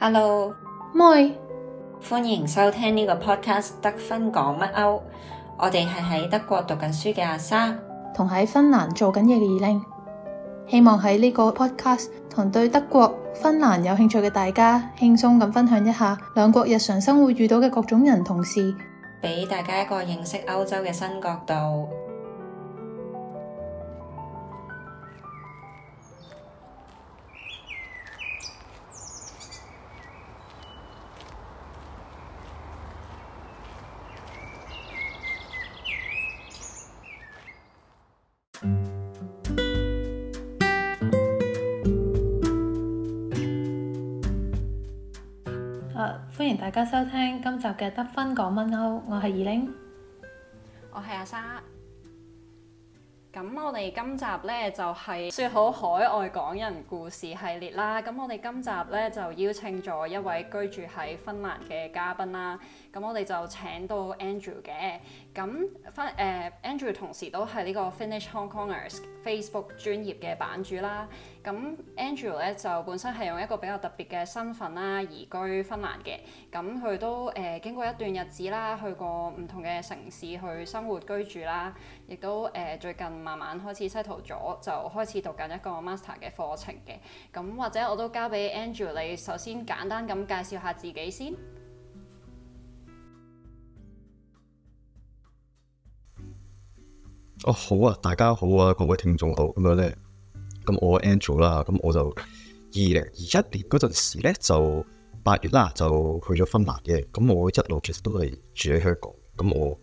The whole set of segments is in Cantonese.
Hello，Moi，Moi. 歡迎收聽呢個 podcast，德芬講乜歐。我哋係喺德國讀緊書嘅阿莎，同喺芬蘭做緊嘢嘅二拎。希望喺呢個 podcast 同對德國、芬蘭有興趣嘅大家，輕鬆咁分享一下兩國日常生活遇到嘅各種人同事，俾大家一個認識歐洲嘅新角度。大家收聽今集嘅得分講文屋，我係二玲，我係阿沙。咁我哋今集呢就係說好海外港人故事系列啦。咁我哋今集呢就邀請咗一位居住喺芬蘭嘅嘉賓啦。咁我哋就請到 Andrew 嘅。咁翻、誒，Andrew 同時都係呢個 Finnish Hongkongers Facebook 專頁嘅版主啦。咁 Andrew 咧，就本身係用一個比較特別嘅身份啦、啊，移居芬蘭嘅。咁佢都誒、呃、經過一段日子啦，去過唔同嘅城市去生活居住啦，亦都誒、呃、最近慢慢開始 settle 咗，就開始讀緊一個 master 嘅課程嘅。咁或者我都交俾 Andrew 你，首先簡單咁介紹下自己先。哦，好啊，大家好啊，各位聽眾好，咁樣咧。咁我 Andrew 啦，咁我就二零二一年嗰陣時咧，就八月啦，就去咗芬蘭嘅。咁我一路其實都係住喺香港。咁我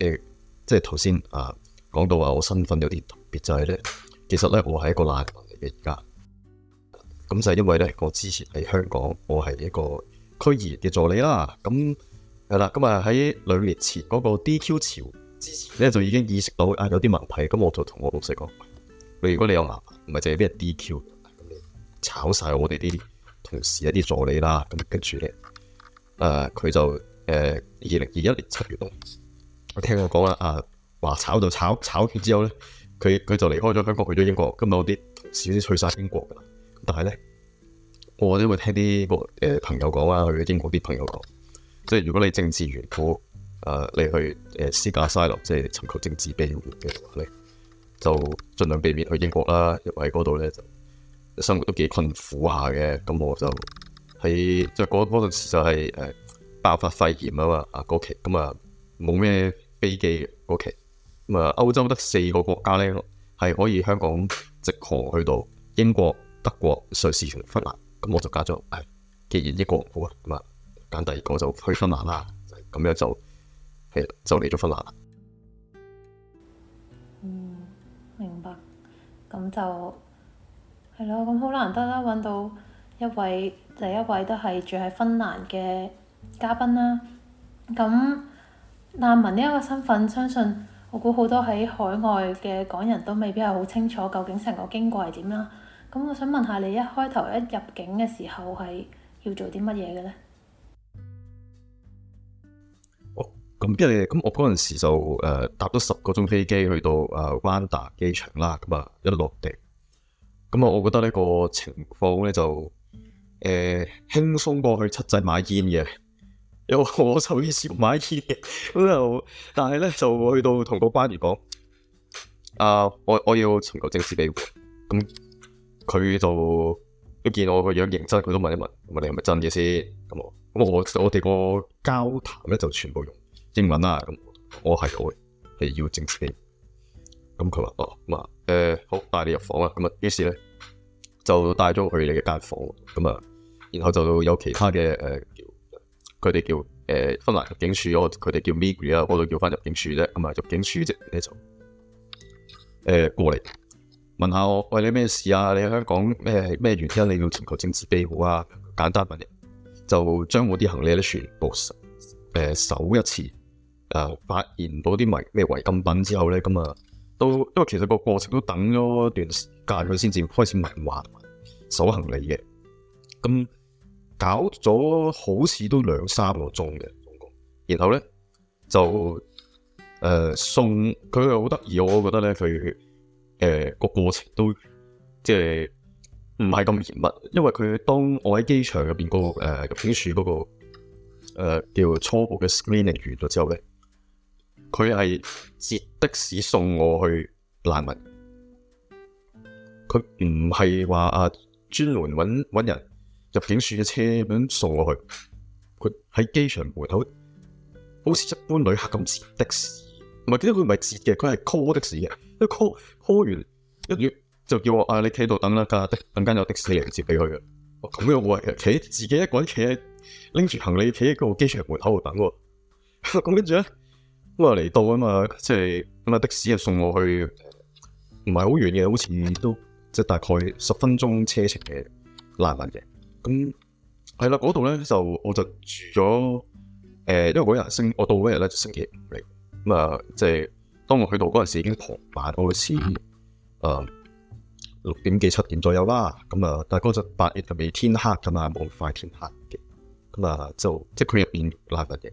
誒，即係頭先啊講到話我身份有啲特別，就係、是、咧，其實咧我係一個難民嚟嘅而家。咁就係因為咧，我之前喺香港，我係一個區議員嘅助理啦。咁係啦，咁啊喺兩年前嗰個 DQ 潮之前，咧就已經意識到啊有啲問題，咁我就同我老細講。如果你有牙，唔係就係俾人 DQ，炒晒，我哋啲同事一啲助理啦，咁跟住咧，誒、呃、佢就誒二零二一年七月六，我聽佢講啦，啊話炒就炒，炒完之後咧，佢佢就離開咗香港，去咗英國，今日我啲少啲去晒英國噶，但係咧，我都會聽啲個誒朋友講啊，去咗英國啲朋友講，即係如果你政治緣故，誒、呃、你去誒 seek asylum 即係尋求政治庇護嘅話咧。你就盡量避免去英國啦，因為嗰度咧就生活都幾困苦下嘅。咁我就喺即係嗰嗰陣時就係誒爆發肺炎啊嘛，啊嗰期咁啊冇咩飛機嗰期，咁啊歐洲得四個國家咧係可以香港直航去到英國、德國、瑞士同芬蘭。咁我就加咗誒，既然英國唔好啊，咁啊揀第二個就去芬蘭啦，咁樣就係就嚟咗芬蘭啦。咁就係咯，咁好難得啦，揾到一位第一位都係住喺芬蘭嘅嘉賓啦。咁難民呢一個身份，相信我估好多喺海外嘅港人都未必係好清楚，究竟成個經過係點啦。咁我想問下你，一開頭一入境嘅時候係要做啲乜嘢嘅呢？咁跟住，咁我嗰陣時就誒、呃、搭咗十個鐘飛機去到誒灣達機場啦，咁啊一落地，咁啊我覺得呢個情況咧就誒、呃、輕鬆過去七仔買煙嘅，有我，我就意思買煙嘅，咁就但係咧就去到同個班員講，啊、呃、我我要尋求政治庇護，咁佢就，就見我個樣認真，佢都問一問，問你係咪真嘅先，咁我咁我我哋個交談咧就全部用。英文啊，我係我係要政治庇護，咁佢話哦，咁、嗯、啊，好，帶你入房啦，咁啊，於是咧就帶咗去你間房，咁啊，然後就有其他嘅誒、呃、叫佢哋、呃、叫芬蘭入境處，我佢哋叫 Migri 啊，我度叫芬蘭入境處啫，咁啊入境處直咧就誒過嚟問下我，喂，你咩事啊？你喺香港咩咩、呃、原因、啊、你要尋求政治庇護啊？簡單問人，就將我啲行李咧全部誒搜一次。誒、呃，發現到啲咩違禁品之後咧，咁啊，都因為其實個過程都等咗一段時間佢先至開始問話，搜行李嘅，咁搞咗好似都兩三個鐘嘅，然後咧就誒、呃、送佢又好得意，我覺得咧佢誒個過程都即係唔係咁嚴密，因為佢當我喺機場入邊嗰個誒入境處嗰個誒、呃、叫初步嘅 screening 完咗之後咧。佢係截的士送我去難民，佢唔係話啊專門揾人入境處嘅車咁送我去，佢喺機場門口好似一般旅客咁截的士，唔係點解佢唔係截嘅？佢係 call 的士嘅，一 call, call 完一月就叫我啊，你企度等啦，架的等間有的士嚟接你去，咁樣我企自己一個人企喺拎住行李企喺個機場門口度等喎，咁跟住咧。咁啊嚟到啊嘛，即係咁啊的士就送我去，唔係好遠嘅，好似都即係、就是、大概十分鐘車程嘅咁拉翻嘅。咁係啦，嗰度咧就我就住咗誒、呃，因為嗰日星我到嗰日咧就星期五嚟，咁啊即係當我去到嗰陣時已經傍晚，好似誒六點幾七點左右啦，咁啊但係嗰陣八月就未天黑咁啊，冇咁快天黑嘅，咁啊就即係佢入邊拉翻嘅。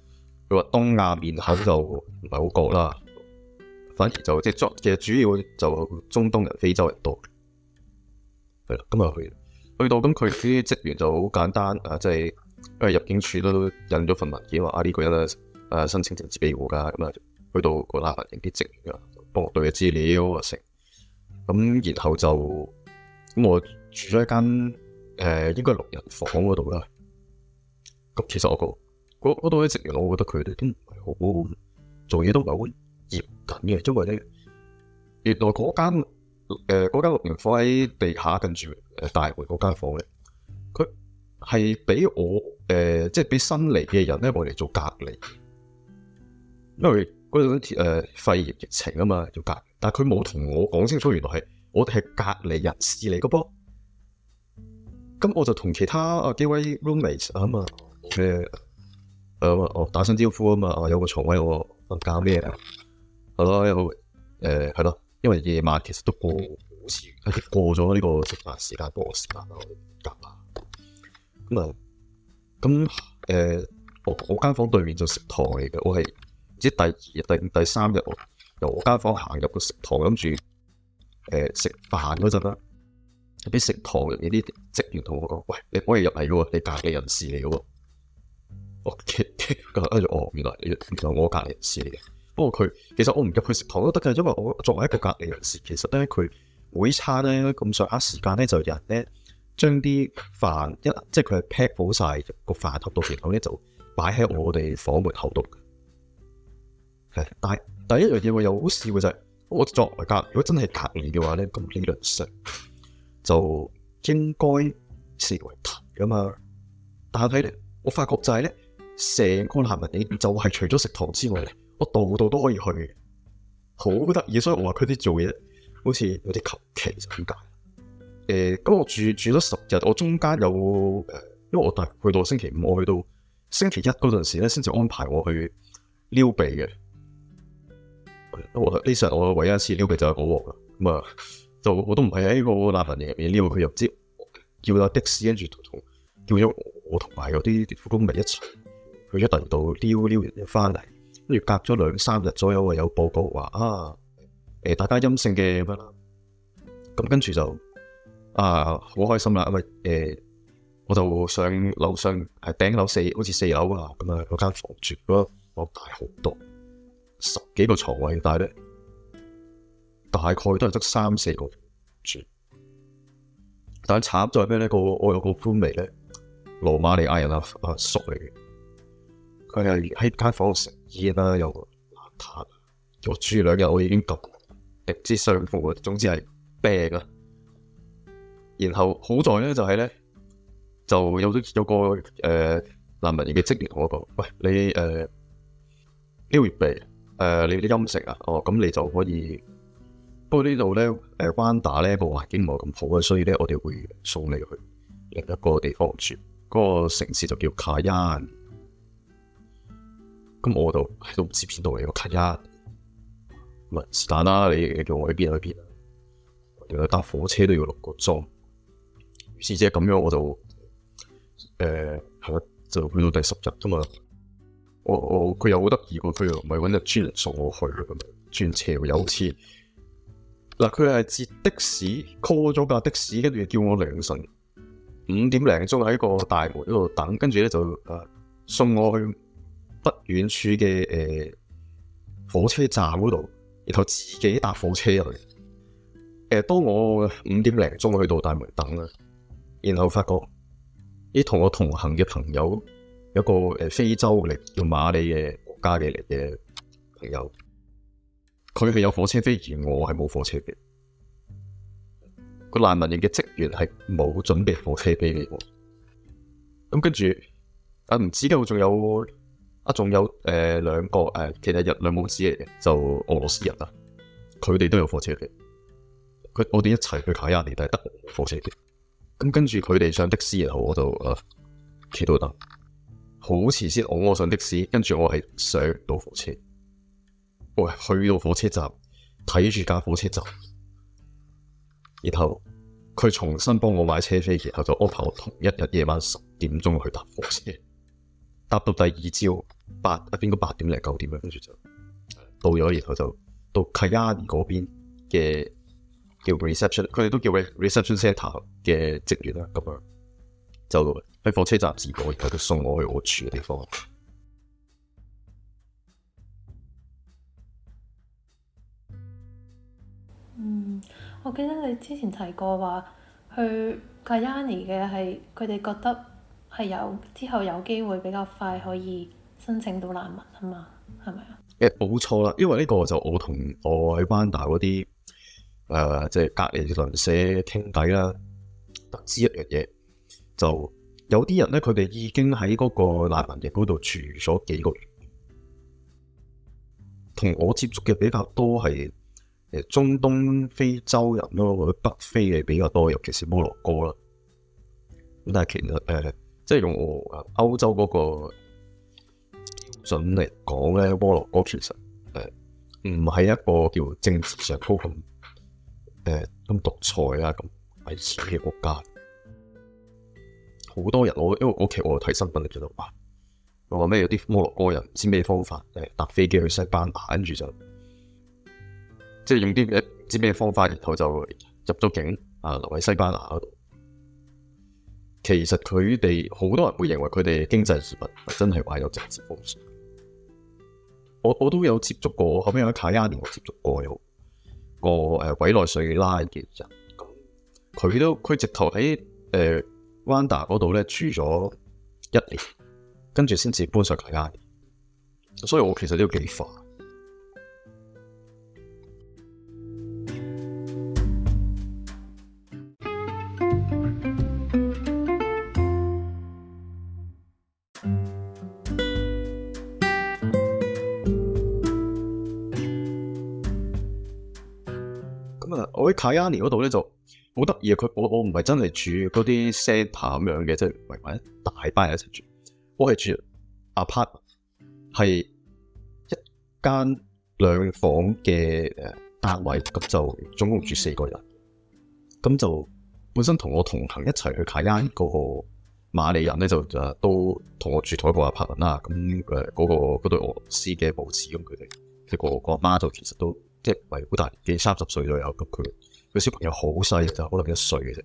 佢話東亞面孔就唔係好覺啦，反而就即係的其實主要就中東人、非洲人多。係啦，咁啊去去到咁，佢啲職員就好簡單啊，即係因為入境處都印咗份文件話啊，呢個人申請政治庇護㗎，咁去到個難民營啲職員啊，幫我對下資料啊成。咁然後就我住咗一間誒、呃，應該六人房嗰度啦。咁其實我個。嗰嗰度啲職員，我覺得佢哋都唔係好做嘢，都唔係好嚴謹嘅。因為咧，原來嗰間誒嗰、呃、間六人房喺地下，跟住誒大門嗰間房嘅，佢係俾我誒、呃，即係俾新嚟嘅人咧，我嚟做隔離。因為嗰陣誒肺炎疫情啊嘛，要隔離，但係佢冇同我講清楚，原來係我哋係隔離人士嚟嘅噃。咁我就同其他幾位 roommate 啊誒，我打聲招呼啊嘛，我有個床位，我我瞓覺咩啊？係咯，好誒，係、欸、咯，因為夜晚其實都過好過咗呢個食飯時間，幫我食夾啊。咁啊，咁誒、欸，我我間房間對面就食堂嚟嘅，我係唔知第二、定第三日，日我由我間房行入個食堂，諗住誒食飯嗰陣啦。啲、呃、食堂入邊啲職員同我講，喂，你唔可以入嚟喎，你隔離人士嚟喎。哦，okay, uh, oh, 原來原來我隔離人士嚟嘅。不過佢其實我唔入去食堂都得㗎，因為我作為一個隔離人士，其實咧佢每餐咧咁上下時間咧就有人咧將啲飯一即係佢 pack 好晒個飯盒度，然後咧就擺喺我哋房門口度。係 Okay,，但係第一樣嘢我有試嘅就係、是，我作為隔離如果真係隔離嘅話咧，咁理論上就應該視為停㗎嘛。但係咧，我發覺就係咧。成個難民營就係除咗食堂之外，我度度都可以去，好得意。所以我話佢啲做嘢好似有啲求其咁解。誒、欸，咁我住住咗十日，我中間有誒，因為我大去到星期五，我去到星期一嗰陣時咧，先至安排我去撩鼻嘅。我呢時我唯一一次撩鼻就係嗰鑊啦。咁啊，就我都唔係喺個難民營入面撩，佢又唔知叫咗的士，跟住同叫咗我同埋嗰啲護工咪一齊。佢一突然度溜溜完一翻嚟，跟住隔咗兩三日左右啊，有報告話啊，大家陰性嘅乜啦，咁跟住就啊好開心啦，咪誒、啊、我就上樓上係頂樓四，好似四樓啊，咁我間房住咯，我大好多十幾個床位，但係大概都係得三四個住。但慘在咩咧？個我有個 roommate 咧，羅馬尼亞人啊阿叔嚟嘅。佢係喺間房度食煙啦，又邋遢。我住兩日，兩天我已經凍，不知上火。總之係病啊。然後好在呢，就係呢，就有咗有個誒難民營嘅職員同我講：，喂，你誒，呢、呃、個月鼻誒、呃，你啲飲食啊，哦，咁你就可以。不過呢度呢，誒，關打呢部環境冇咁好啊，所以呢，我哋會送你去另一個地方住。嗰、那個城市就叫 Kajaani。咁我就喺度唔知邊度嚟，我第一咪是但啦，你叫我去邊去邊啊？我哋搭火車都要六個鐘，先至咁樣我就呃，係啦，就去到第十集啫嘛。我我佢又好得意個，佢又唔係揾日專人送我去嘅，咁樣轉車有車。嗱，佢係截的士 call 咗架的士，跟住叫我凌晨五點零鐘喺個大門嗰度等，跟住咧就呃，送我去。不遠處嘅、欸、火車站嗰度，然後自己搭火車入嚟、欸。當我五點零鐘去到大門等啦，然後發覺啲同我同行嘅朋友，有一個、欸、非洲嚟，叫馬里嘅國家嘅嚟嘅朋友，佢係有火車飛，而我係冇火車飛。個難民營嘅職員係冇準備火車飛畀我。咁跟住，啊唔知道仲有。啊，仲有誒、呃、兩個誒、呃，其實日兩母子嚟嘅，就俄羅斯人啊，佢哋都有火車嘅，佢我哋一齊去卡雅尼都係搭火車嘅，咁跟住佢哋上的士，然後我就啊，企、呃、到等，好遲先我我上的士，跟住我係上到火車，喂，去到火車站睇住架火車走，然後佢重新幫我買車飛，然後就安排我同一日夜晚十點鐘去搭火車。 搭到第二朝八，應該八點零九點啦，跟住就到咗，然後就到，到 Kajaani 嗰邊嘅叫 reception，佢哋都叫 reception centre 嘅職員啦，咁樣就喺火車站接我，然後就送我去我住嘅地方。嗯，我記得你之前提過話去 Kajaani 嘅係佢哋覺得。係有之後有機會比較快可以申請到難民啊嘛，係咪啊？誒冇錯啦，因為呢個就我同我喺灣大嗰啲誒即係隔離鄰舍傾偈啦，得知一樣嘢，就有啲人咧，佢哋已經喺嗰個難民營嗰度住咗幾個月，同我接觸嘅比較多係誒中東非洲人咯，或者北非嘅比較多，尤其是摩洛哥啦。咁但係其實誒。呃即係用我歐洲嗰、嗰個準嚟講咧，摩洛哥其實誒唔係一個叫政治上高咁誒咁獨裁啊咁危險嘅國家。好多人我因為我其實我睇新聞就到話，話咩有啲摩洛哥人唔知咩方法，誒搭飛機去西班牙，跟住就即係用啲唔知咩方法，然後就入咗境啊留喺西班牙嗰度。其實佢哋好多人會認為佢哋經濟移民真係為咗政治因素。我我都有接觸過，後面有啲卡亞尼我接觸過有個委內瑞拉嘅人，佢佢都佢直頭喺 Wanda 嗰度呢，住咗一年，跟住先至搬上卡亞尼，所以我其實都幾煩。喺卡雅尼嗰度咧就好得意啊！佢我我唔係真係住嗰啲 settle 咁樣嘅，即係圍埋一大班人一齊住。我係住阿 part，係一間兩房嘅誒單位，咁就總共住四個人。咁就本身同我同行一齊去卡雅尼嗰個馬里人咧，就都同我住同一個阿 part 啦。咁誒嗰個俄羅斯嘅母子咁，佢哋嘅俄阿媽就其實都。即係唔係好大年紀，三十歲左右咁。佢個小朋友好細就可能一歲嘅啫。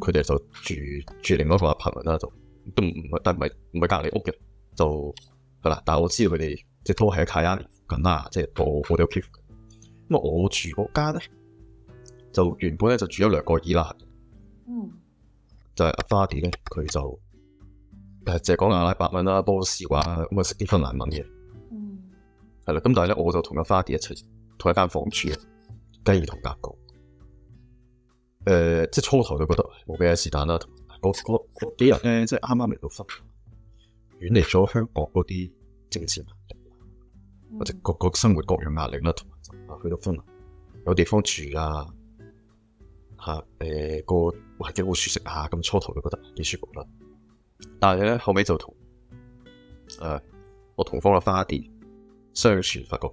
佢哋、嗯、就住住另外一個朋友啦，就都唔唔，但係唔係唔係隔離屋嘅，就係啦。但係我知道佢哋即係拖係喺 Kajaani 附近啦，即係我我哋有 keep。咁啊，我住嗰間咧，就原本咧就住咗兩個兒啦。嗯，就阿花弟咧，佢就誒淨係講阿拉伯文啦，波斯話咁啊，識啲芬蘭文嘅。嗯，係啦，咁但係咧，我就同阿花弟一齊。同一間房間住，雞同鴨講，誒、呃，即係初頭就覺得冇咩事但啦，嗰嗰嗰幾日咧、呃，即係啱啱嚟到芬蘭，遠離咗香港嗰啲政治壓力，或者各個生活各樣壓力啦，同埋就去到芬蘭有地方住啊，吓、啊、誒、呃、個環境好舒適啊，咁初頭就覺得幾舒服啦，但係咧後尾就同誒、呃、我同房嘅花蝶相傳發覺。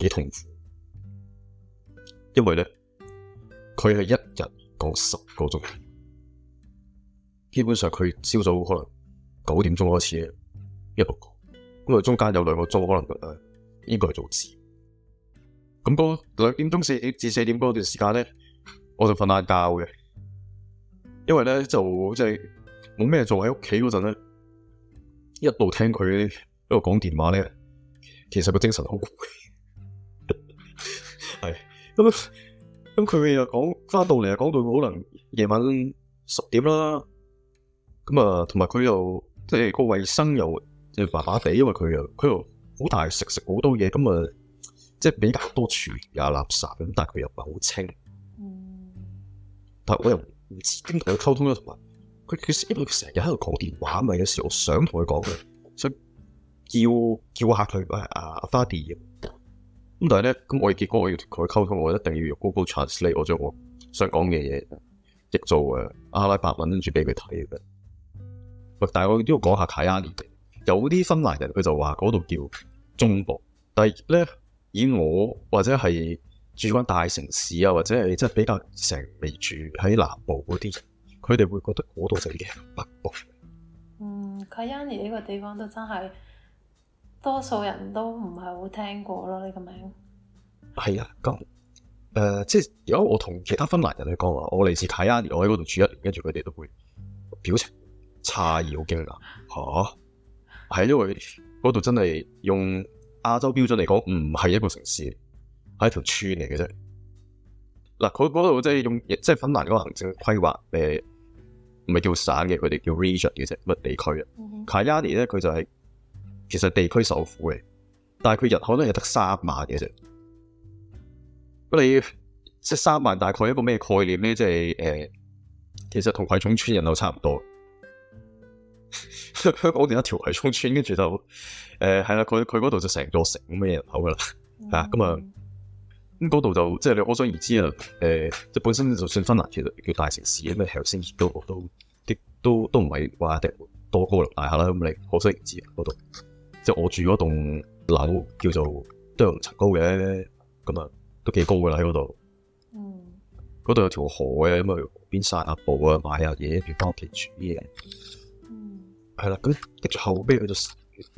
幾痛苦，因為咧佢係一日講十個鐘，基本上佢朝早可能九點鐘開始一路講，咁啊中間有兩個鐘可能誒，應該係做字，咁個兩點鐘四點至四點嗰段時間咧，我就瞓下覺嘅，因為咧就即係冇咩做喺屋企嗰陣咧，一路聽佢一路講電話咧，其實個精神好攰。咁咁佢又講翻到嚟又講到可能夜晚十點啦，咁啊，同埋佢又即係個衛生又即係麻麻哋，因為佢又佢又好大食食好多嘢，咁啊，即係比較多廚餘啊垃圾咁，但係佢又唔係好清，嗯、但係我又唔知點同佢溝通咯，同埋佢佢因為佢成日喺度講電話咪，有時候我想同佢講嘅，想叫叫下佢啊阿花地。咁但係呢，咁我哋結果我要同佢溝通，我一定要用 Google Translate，我將我想講嘅嘢譯做阿拉伯文，跟住俾佢睇。但係我都要講下 Kajaani。有啲芬蘭人佢就話嗰度叫中部，但係呢，以我或者係住翻大城市啊，或者係即係比較成年住喺南部嗰啲，佢哋會覺得嗰度就叫北部。嗯，Kajaani 呢個地方都真係～多數人都唔係好聽過咯，呢個名係啊，咁誒、呃，即係如果我同其他芬蘭人去講話，我嚟自卡亞尼，我喺嗰度住一年，跟住佢哋都會表情詫異，好驚訝吓，係、啊、因為嗰度真係用亞洲標準嚟講，唔係一個城市，係一條村嚟嘅啫。嗱，佢嗰度即係用即係芬蘭嗰個行政規劃誒，唔係叫省嘅，佢哋叫 region 嘅啫，乜地區啊？卡亞尼咧，佢就係、是。其實地區首府嚟，但係佢人口咧又得三萬嘅啫。咁你即係三萬，大概一個咩概念咧？即係誒、呃，其實同葵涌村人口差唔多。香港地一條葵涌村，跟住就誒係啦，佢佢嗰度就成座城咁嘅人口噶啦，吓咁、mm hmm。啊咁嗰度就即係你可想而知啊。誒、呃，即係本身就算芬蘭，其實叫大城市，因為頭先亦都都啲都都唔係話啲多高樓大廈啦。咁你可想而知啊，嗰度。即係我住嗰棟樓叫做都有五層高嘅，咁啊都幾高㗎啦喺嗰度。那裡嗯，嗰度有條河嘅，咁啊去河邊散下步啊，買下嘢，住翻屋企煮嘢。嗯，係啦，咁跟住後邊去到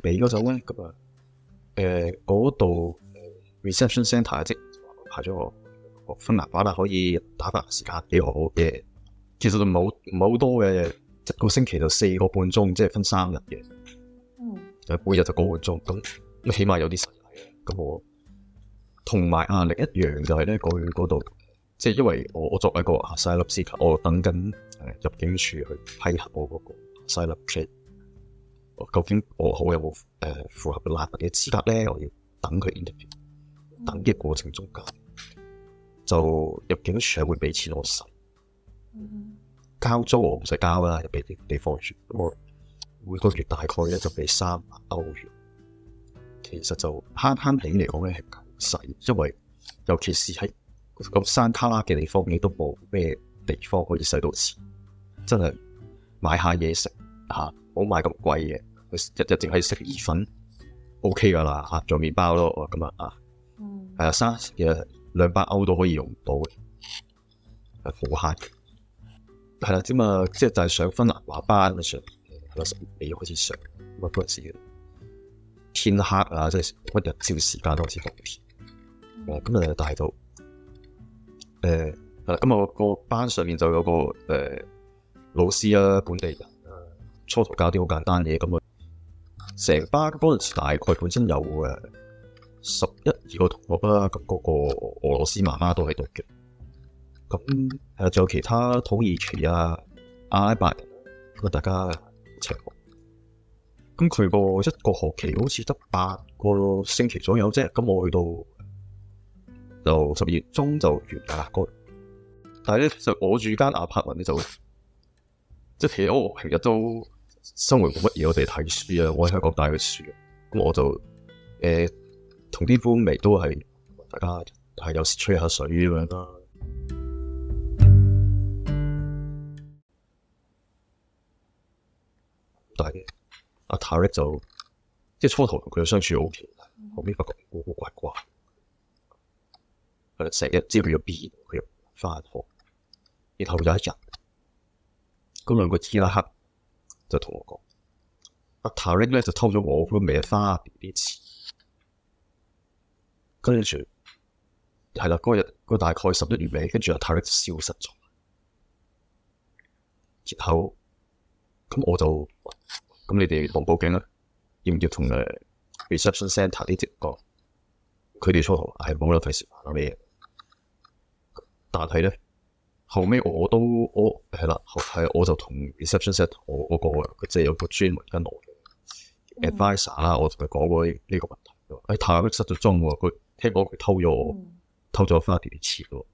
尾嗰度咧，咁啊誒嗰度 reception centre 即係派咗我個芬蘭班啦，可以打發時間俾我嘅。耶其實就冇冇好多嘅一個星期就四個半鐘，即係分三日嘅。每日就過換租咁，起碼有啲實際。咁我同埋壓力一樣，就是，就係咧去嗰度，即係因為我我作為一個啊西立資格，我等緊誒入境處去批核我嗰個西立 check。我究竟我好有冇誒、呃、符合難民嘅資格咧？我要等佢 interview。等嘅過程中間，就入境處係會俾錢我使。交租我唔使交啦，俾俾房署。每個月大概咧就俾三百歐元，其實就慳慳起嚟講咧係夠使，因為尤其是喺咁山卡拉嘅地方，你都冇咩地方可以使到錢，真係買下嘢食吓，唔、啊、好買咁貴嘅，日日淨係食意粉 O K 噶啦嚇，做、OK、麵包咯咁啊嚇，係啊，三、嗯、其實兩百歐都可以用到嘅，係好慳嘅，係啦，咁、就、啊、是，即係就係上芬蘭話班上。十月尾，開始上咁嗰陣時，天黑啊，即係乜日照時間都開始冬天。今日但係都誒係啦。咁我個班上面就有個誒、欸、老師啊，本地人啊，初頭教啲好簡單嘢。咁、嗯、啊，成班嗰陣時大概本身有誒十一二個同學啦。咁嗰個俄羅斯媽媽都喺度嘅。咁、嗯、誒，仲有其他土耳其啊、阿拉伯咁啊，大家。長，咁佢個一個學期好似得八個星期左右啫，咁我去到就十二月中就完啦。個，但係咧，就就就其實我住間 apartment 咧就，即係我平日都生活冇乜嘢，我哋睇書啊，我喺香港帶嘅書，咁我就誒同啲 roommate 都係大家係有時吹下水咁樣啦。但係阿泰勒就即係初頭同佢相處好 O K，後邊發覺好古怪怪，佢成日知道佢有變，佢又翻學，然後有一日，嗰兩個伊拉克就同我講，阿泰勒咧就偷咗我個未花嘅啲錢，跟住係啦，嗰日嗰大概十一月尾，跟住阿泰勒就消失咗，然後。咁我就，咁你哋報唔報警呢？要唔要同誒 reception centre 啲接講？佢哋初頭係冇諗，費事講咩嘢，但係咧，後尾我都我係啦，係我就同 reception centre 嗰個，佢即係有個專門嘅內嘅 advisor 啦，我同佢講咗呢個問題，誒太、哎、失咗蹤喎，佢聽講佢偷咗我、嗯、偷咗我花店啲錢喎，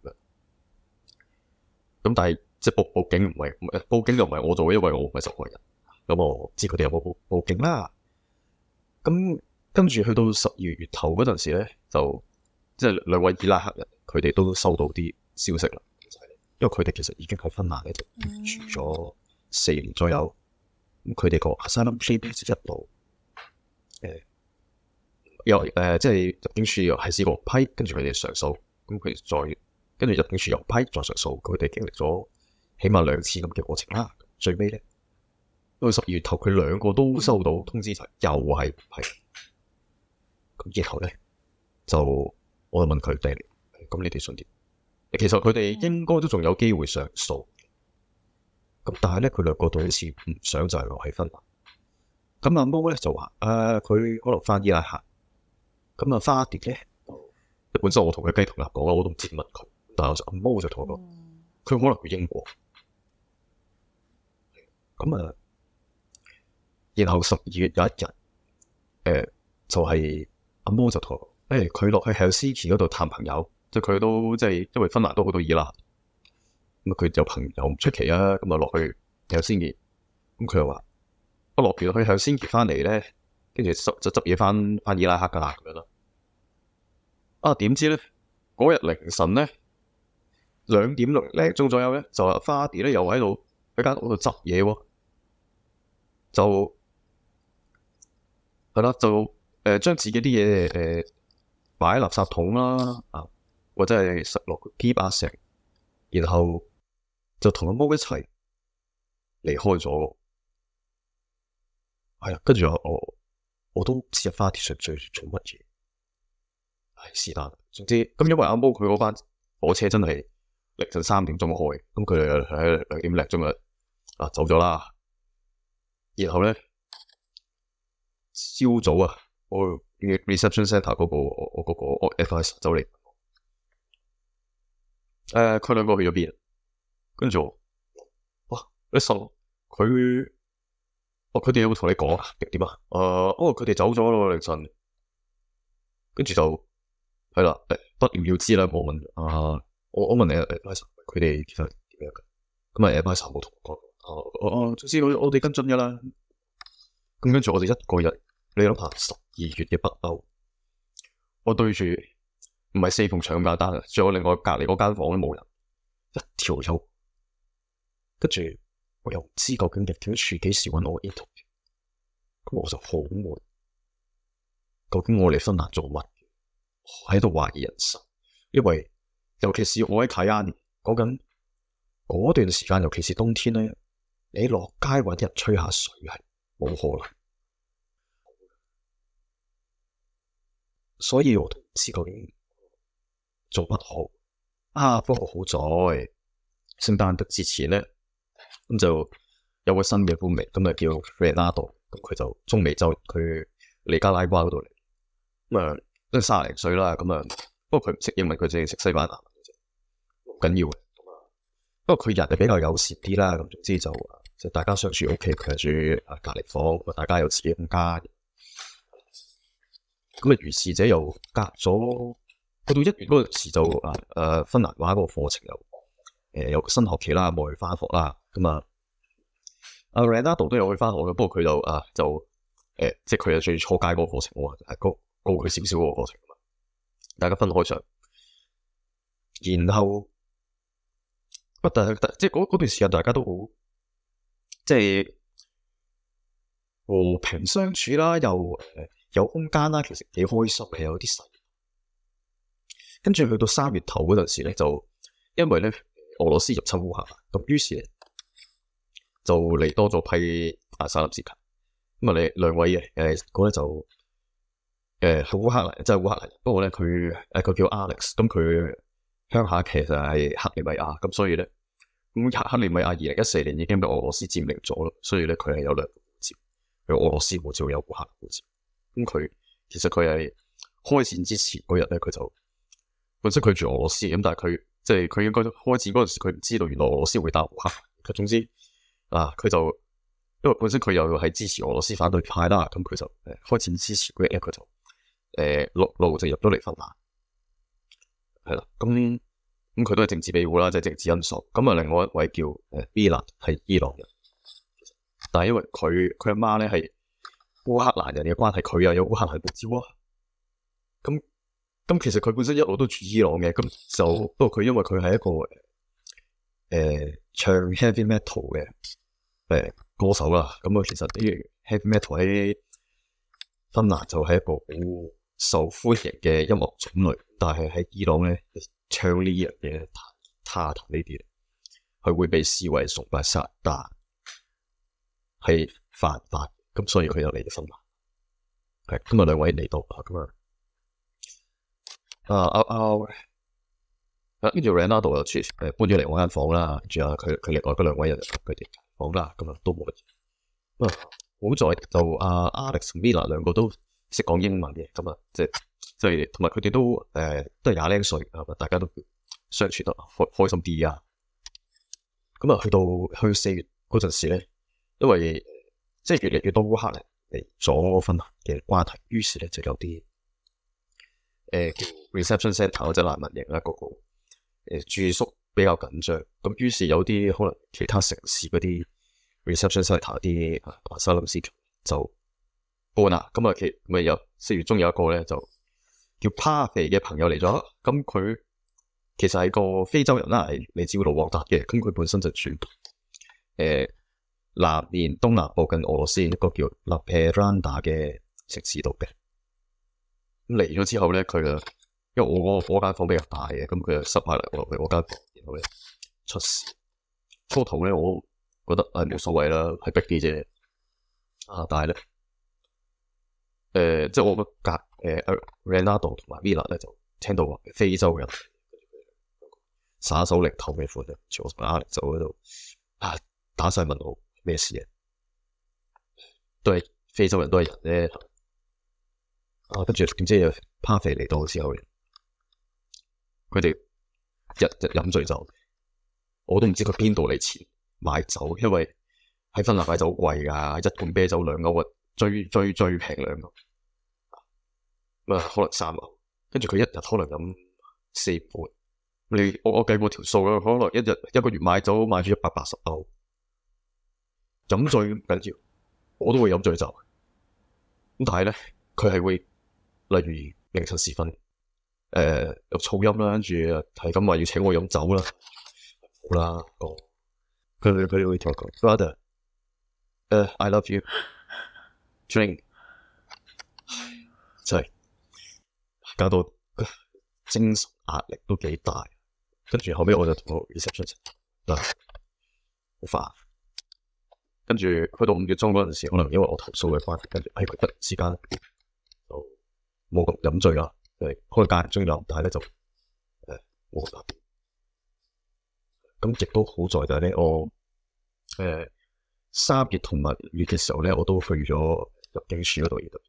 咁但係。即係報報警唔係唔報警，又唔係我做，嘅因為我唔係受害人。咁我知佢哋有冇報報警啦。咁跟住去到十二月頭嗰陣時咧，就即係、就是、兩位伊拉克人，佢哋都收到啲消息啦。因為佢哋其實已經喺芬蘭呢度住咗四年左右。咁佢哋個核心 C P C 一步誒，有、呃、誒、呃呃，即係入境處又係試過批，跟住佢哋上訴，咁佢再跟住入境處又批，再上訴，佢哋經歷咗。起碼兩次咁嘅過程啦，最尾咧到十二月頭，佢兩個都收到通知，嗯、又是就又係係咁。然後咧就我問佢哋，咁你哋信啲？其實佢哋應該都仲有機會上訴。咁但係咧，佢兩個都好似唔想就係落喺芬蘭。咁阿毛咧就話：誒，佢可能返伊拉克。咁啊，花蝶咧，本身我同佢雞同鴨講啊，我都唔知問佢，但係阿毛就同我講，佢、嗯、可能去英國。咁啊，然後十二月有一日，誒、呃，就係、是、阿摩就同我，誒、哎，佢落去 Helsinki 嗰度探朋友，就係佢都即係、就是、因為芬蘭都好多伊拉克，咁啊佢有朋友唔出奇啊，咁啊落去 Helsinki，咁佢又話，我落完去 Helsinki 翻嚟咧，跟住執就執嘢翻翻伊拉克噶啦咁樣，啊點知呢？嗰日凌晨咧兩點零鐘左右呢，就阿花弟咧又喺度喺間屋度執嘢喎。就係啦，就誒，將、呃、自己啲嘢誒，擺、呃、垃圾桶啦，啊，或者係拾落幾把石，然後就同阿毛一齊離開咗。係、哎、啊，跟住我，我，我都唔知阿花鐵上最做乜嘢。係是但，總之咁，因為阿毛佢嗰班火車真係凌晨三點鐘開，咁佢哋喺兩點零鐘啊走咗啦。然後咧，朝早啊，我的 reception center 嗰、那個我嗰個 advisor 走嚟，誒、呃，佢兩個去咗邊？跟住，哇，一陣佢，哦，佢哋有冇同你講？點啊？誒、呃，哦，佢哋走咗咯，凌晨。跟住就係啦，對了不料要知啦，我問，啊、呃，我我問你 a d v i s o 佢哋點樣？點樣嘅？咁啊 a d v i s o 冇同我講。哦哦、我我總之我我哋跟進噶啦，咁跟住我哋一個人，你諗下十二月嘅北歐，我對住唔係四條牆咁簡單啊，仲有另外隔籬嗰間房都冇人，一條友。跟住我又唔知究竟一條柱幾時搵我，咁我就好悶，究竟我嚟芬蘭做乜嘅？喺度懷疑人生，因為尤其是我喺 Kajaani，講緊嗰段時間，尤其是冬天咧。你落街或者吹下水係冇可能，所以我都唔知究竟做不好啊。不過好在聖誕節之前咧，咁就有個新嘅報名，咁啊叫 Fernando，咁佢就中美洲佢尼加拉瓜嗰度嚟，咁啊都卅零歲啦，咁啊不過佢唔識英文，佢淨係識西班牙文，好緊要嘅。咁不過佢人就比較友善啲啦，咁總之就。大家相處屋企，住啊隔籬房，咁啊大家有自己空間。咁啊，如是者又隔咗，去到一月嗰陣時就啊誒芬蘭話嗰個課程又誒、啊、有新學期啦，冇去翻學啦。咁啊阿 r a n a 都有去翻學嘅，不過佢就啊就誒即係佢啊、就是、最初階嗰個課程，高高佢少少個課程大家分開上。然後不過、啊、但係即係嗰段時間大家都好。.即係和、哦、平相處啦，又、呃、有空間啦，其實幾開心嘅，有啲細。跟住去到三月頭嗰陣時咧，就因為咧俄羅斯入侵烏克蘭，咁於是呢就嚟多咗批阿沙納斯卡。咁啊，你兩位嘅誒，佢咧就誒係烏克蘭，即係烏克蘭。不過咧佢誒佢叫 Alex，咁佢鄉下其實係克里米亞，咁所以咧。咁克里米亞二零一四年已經俾俄羅斯佔領咗咯，所以咧佢係有兩個護照，有俄羅斯護照，有烏克蘭護照。咁佢其實佢係開戰之前嗰日咧，佢就本身佢住俄羅斯，咁但係佢即係佢應該開戰嗰陣時，佢唔知道原來俄羅斯會打烏克蘭。總之啊，佢就因為本身佢又係支持俄羅斯反對派啦，咁佢就誒開戰之前嗰日，佢、呃、就誒陸路，就入咗嚟芬蘭啦，係啦，咁。咁佢都係政治庇護啦，即、就、係、是、政治因素。咁啊，另外一位叫誒 B 男係伊朗人，但係因為佢佢阿媽咧係烏克蘭人嘅關係，佢又有烏克蘭護照。咁咁其實佢本身一路都住伊朗嘅，咁就不過佢因為佢係一個誒、呃、唱 heavy metal 嘅誒、呃、歌手啦。咁啊，其實啲 heavy metal 喺芬蘭就係一個好受歡迎嘅音樂種類，但係喺伊朗咧。唱呢樣嘢，彈他彈呢啲，佢會被視為崇拜撒但係犯法，咁所以佢又離咗婚嘛？係今日兩位嚟到啊，咁啊，阿跟住 Rana 度啊，住誒搬咗嚟我間房啦，跟住啊佢佢另外嗰兩位入佢哋房啦，咁啊都冇乜，咁啊好在就阿 Alex Mila 兩個都，識講英文嘅，咁啊，即係即係，同埋佢哋都誒、呃、都係廿零歲，係嘛？大家都相處得開開心啲啊。咁啊，去到去四月嗰陣時咧，因為即係、就是、越嚟越多烏克蘭嚟咗芬蘭嘅關係，於是咧就有啲誒叫、呃、reception center 或者難民營啦嗰個誒住宿比較緊張，咁於是有啲可能其他城市嗰啲 reception center 啲啊沙林斯就。半啦，咁啊其咪有四月中有一個咧，就叫 Parfait 嘅朋友嚟咗，咁、啊、佢其實係個非洲人啦，係嚟自盧旺達嘅，咁佢本身就住誒、欸、南面東南部近俄羅斯一個叫 Lappeenranta 嘅城市度嘅。嚟咗之後咧，佢啊，因為我個嗰間房比較大嘅，咁佢就塞下落我間房，然後咧出事。初頭咧，我覺得誒冇所謂啦，係逼啲啫。啊，但係咧。誒、呃，即係我個隔誒，Ronaldo、呃、同埋 Villa 咧就聽到話非洲人耍手擰頭嘅款，全部阿力走喺度啊，打晒問號咩事都係，非洲人都係人咧，啊，跟住點知又 party 嚟到之後，佢哋日日飲醉酒，我都唔知佢邊度嚟錢買酒，因為喺芬蘭買酒好貴㗎，一罐啤酒兩歐。最最最平兩個，啊，可能三歐，跟住佢一日可能飲四杯，你我我計過條數嘅，可能一日一個月買酒買咗一百八十歐飲醉唔緊要，我都會飲醉酒。咁但係咧，佢係會，例如凌晨時分，誒、呃、有噪音啦，跟住係咁話要請我飲酒啦，好啦，咁佢哋佢哋會同我講，brother，誒，I love you。drink，係唉、就是、搞到精神壓力都幾大，跟住後尾我就同我 reception 啊好煩，跟住去到五月中嗰陣時，可能因為我投訴嘅關係，跟住哎得時間就冇咁飲醉啦，開戒中飲，但係咧就誒冇咁。咁亦都好在就係呢我誒、欸、三月同埋月嘅時候咧，我都去咗。入境處嗰度而度，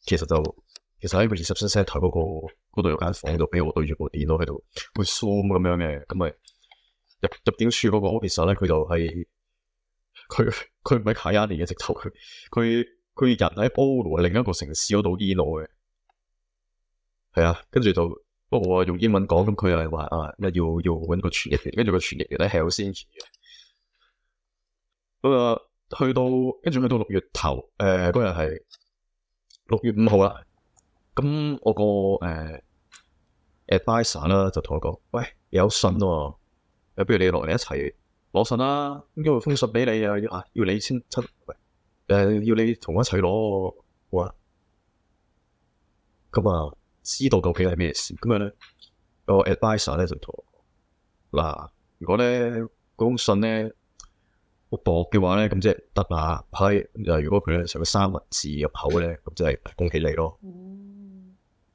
其實就其實喺部接收室台嗰個嗰度有間房喺度，俾我對住部電腦喺度去 zoom 咁樣嘅，咁咪入入境處嗰個 office 咧，佢就係佢佢唔係卡亞尼嘅直頭，佢佢佢人喺 Oulu 另一個城市嗰度呢度嘅，係啊，跟住就不過我用英文講，咁佢又係話啊，要要揾個傳譯員，跟住個傳譯員咧係好先知嘅，不過。去到跟住去到六月頭，誒、呃、嗰日係六月五號啦。咁我個誒、呃、advisor 咧就同我講：喂，有信喎、哦，咁不如你落嚟一齊攞信啦、啊，應該封信俾你啊，要啊，要你先出，喂，誒、呃、要你同我一齊攞好啦。咁啊，知道究竟係咩事？咁樣咧，個 advisor 咧就同我：嗱、啊，如果咧嗰封信咧，好薄嘅話咧，咁即係得下批。咁如果佢咧成個三文治入口咧，咁即係恭喜你咯。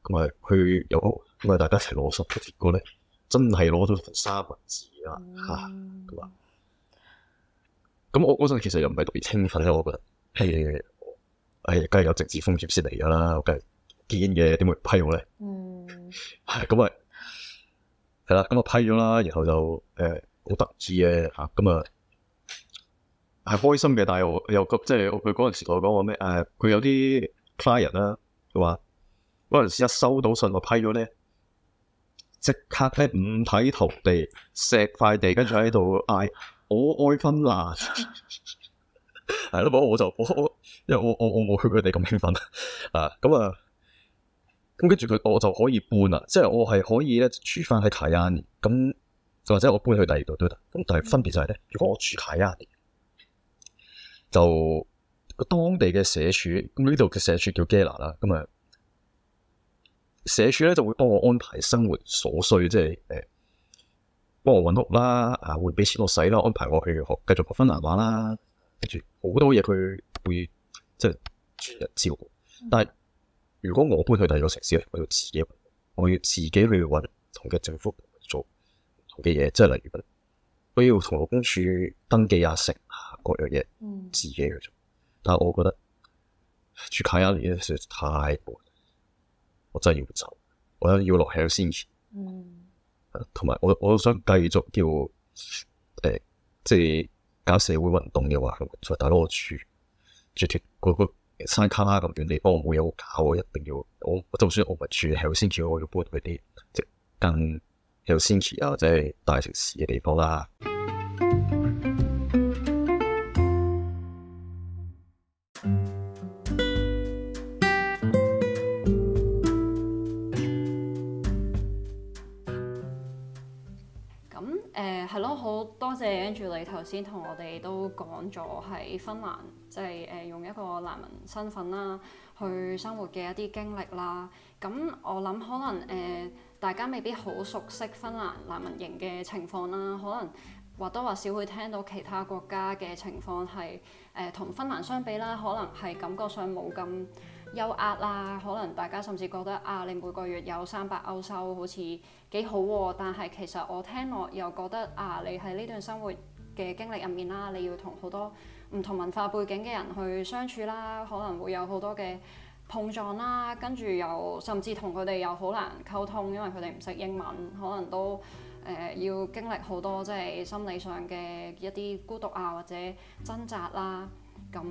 咁啊、嗯，去有咁啊，大家一齊攞十個結果咧，真係攞到份三文治啦嚇。咁、嗯、啊，咁我嗰陣其實又唔係特別興奮咧，我覺得，譬如，梗、哎、係有政治風險先嚟噶啦，梗係堅嘅，點會批我咧？嗯，係咁啊，係啦，咁啊批咗啦，然後就好、欸、得意嘅嚇，咁啊～係開心嘅，但係我又即係佢嗰陣時同我講話咩？誒、啊，佢有啲 client 啦，啊，佢話嗰陣時一收到信我批咗咧，即刻咧五體投地，錫塊地，跟住喺度嗌我愛芬蘭，係咯， 不過我就我我因為我我我冇佢哋咁興奮啊，咁啊，咁跟住佢我就可以搬啦，即係我係可以咧住翻喺卡亞尼，咁或者我搬去第二度都得，咁但係分別就係咧，如果我住卡亞尼。就個當地嘅社署，咁呢度嘅社署叫 Gala 啦，咁啊社署咧，就會幫我安排生活所需，即係誒幫我搵屋啦，啊會俾錢我使啦，安排我去學繼續學芬蘭話啦，跟住好多嘢佢會即係全日照顧。嗯、但係如果我搬去第二個城市，我要自己，我要自己去搵同嘅政府做同嘅嘢，即係例如我要同勞工處登記亞、啊、成。各樣嘢，自己去做。但係我覺得住卡雅尼咧，實在太悶，我真係要走，我想要落 Helsinki 住。嗯，同埋我我想繼續叫誒、欸，即係搞社會運動嘅話，在大我住住脫個山卡拉咁遠地方，我冇嘢好搞我，我一定要我，就算我唔住 Helsinki，我要搬去啲即係 Helsinki 啊，即係大城市嘅地方啦。Andrew，跟住你頭先同我哋都講咗喺芬蘭，即係誒用一個難民身份啦，去生活嘅一啲經歷啦。咁我諗可能誒、呃、大家未必好熟悉芬蘭難民營嘅情況啦，可能或多或少會聽到其他國家嘅情況係誒同芬蘭相比啦，可能係感覺上冇咁。有壓啊，可能大家甚至覺得啊，你每個月有三百歐收，好似幾好喎。但係其實我聽落又覺得啊，你喺呢段生活嘅經歷入面啦，你要同好多唔同文化背景嘅人去相處啦，可能會有好多嘅碰撞啦，跟住又甚至同佢哋又好難溝通，因為佢哋唔識英文，可能都誒、呃、要經歷好多即係心理上嘅一啲孤獨啊或者掙扎啦，咁。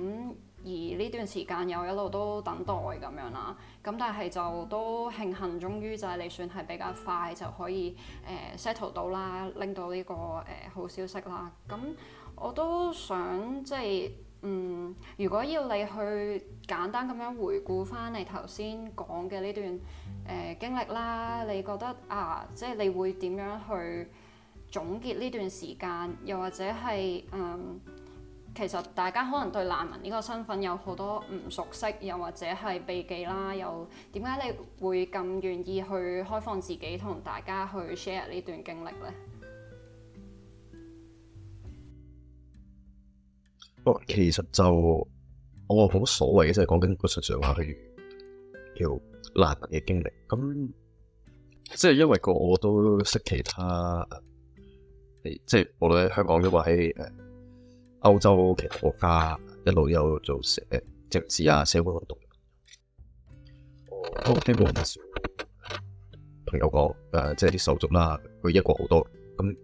而呢段時間又一路都等待咁樣啦，咁但係就都慶幸，終於就係你算係比較快就可以誒 settle、呃、到啦，拎到呢、呢個誒、呃、好消息啦。咁我都想即係嗯，如果要你去簡單咁樣回顧翻你頭先講嘅呢段誒、呃、經歷啦，你覺得啊，即係你會點樣去總結呢段時間，又或者係嗯？其實大家可能對難民呢個身份有好多唔熟悉，又或者係避忌啦，又點解你會咁願意去開放自己同大家去 share 呢段經歷咧？哦，其實就我話冇所謂嘅，即係講緊個純粹話叫難民嘅經歷，咁即係因為個我都識其他，即係無論香港一位誒。歐洲其他國家一路有做社政治啊、社會活動。哦，聽過人哋說朋友講，誒、呃，即係啲手續啦，佢英國好多咁，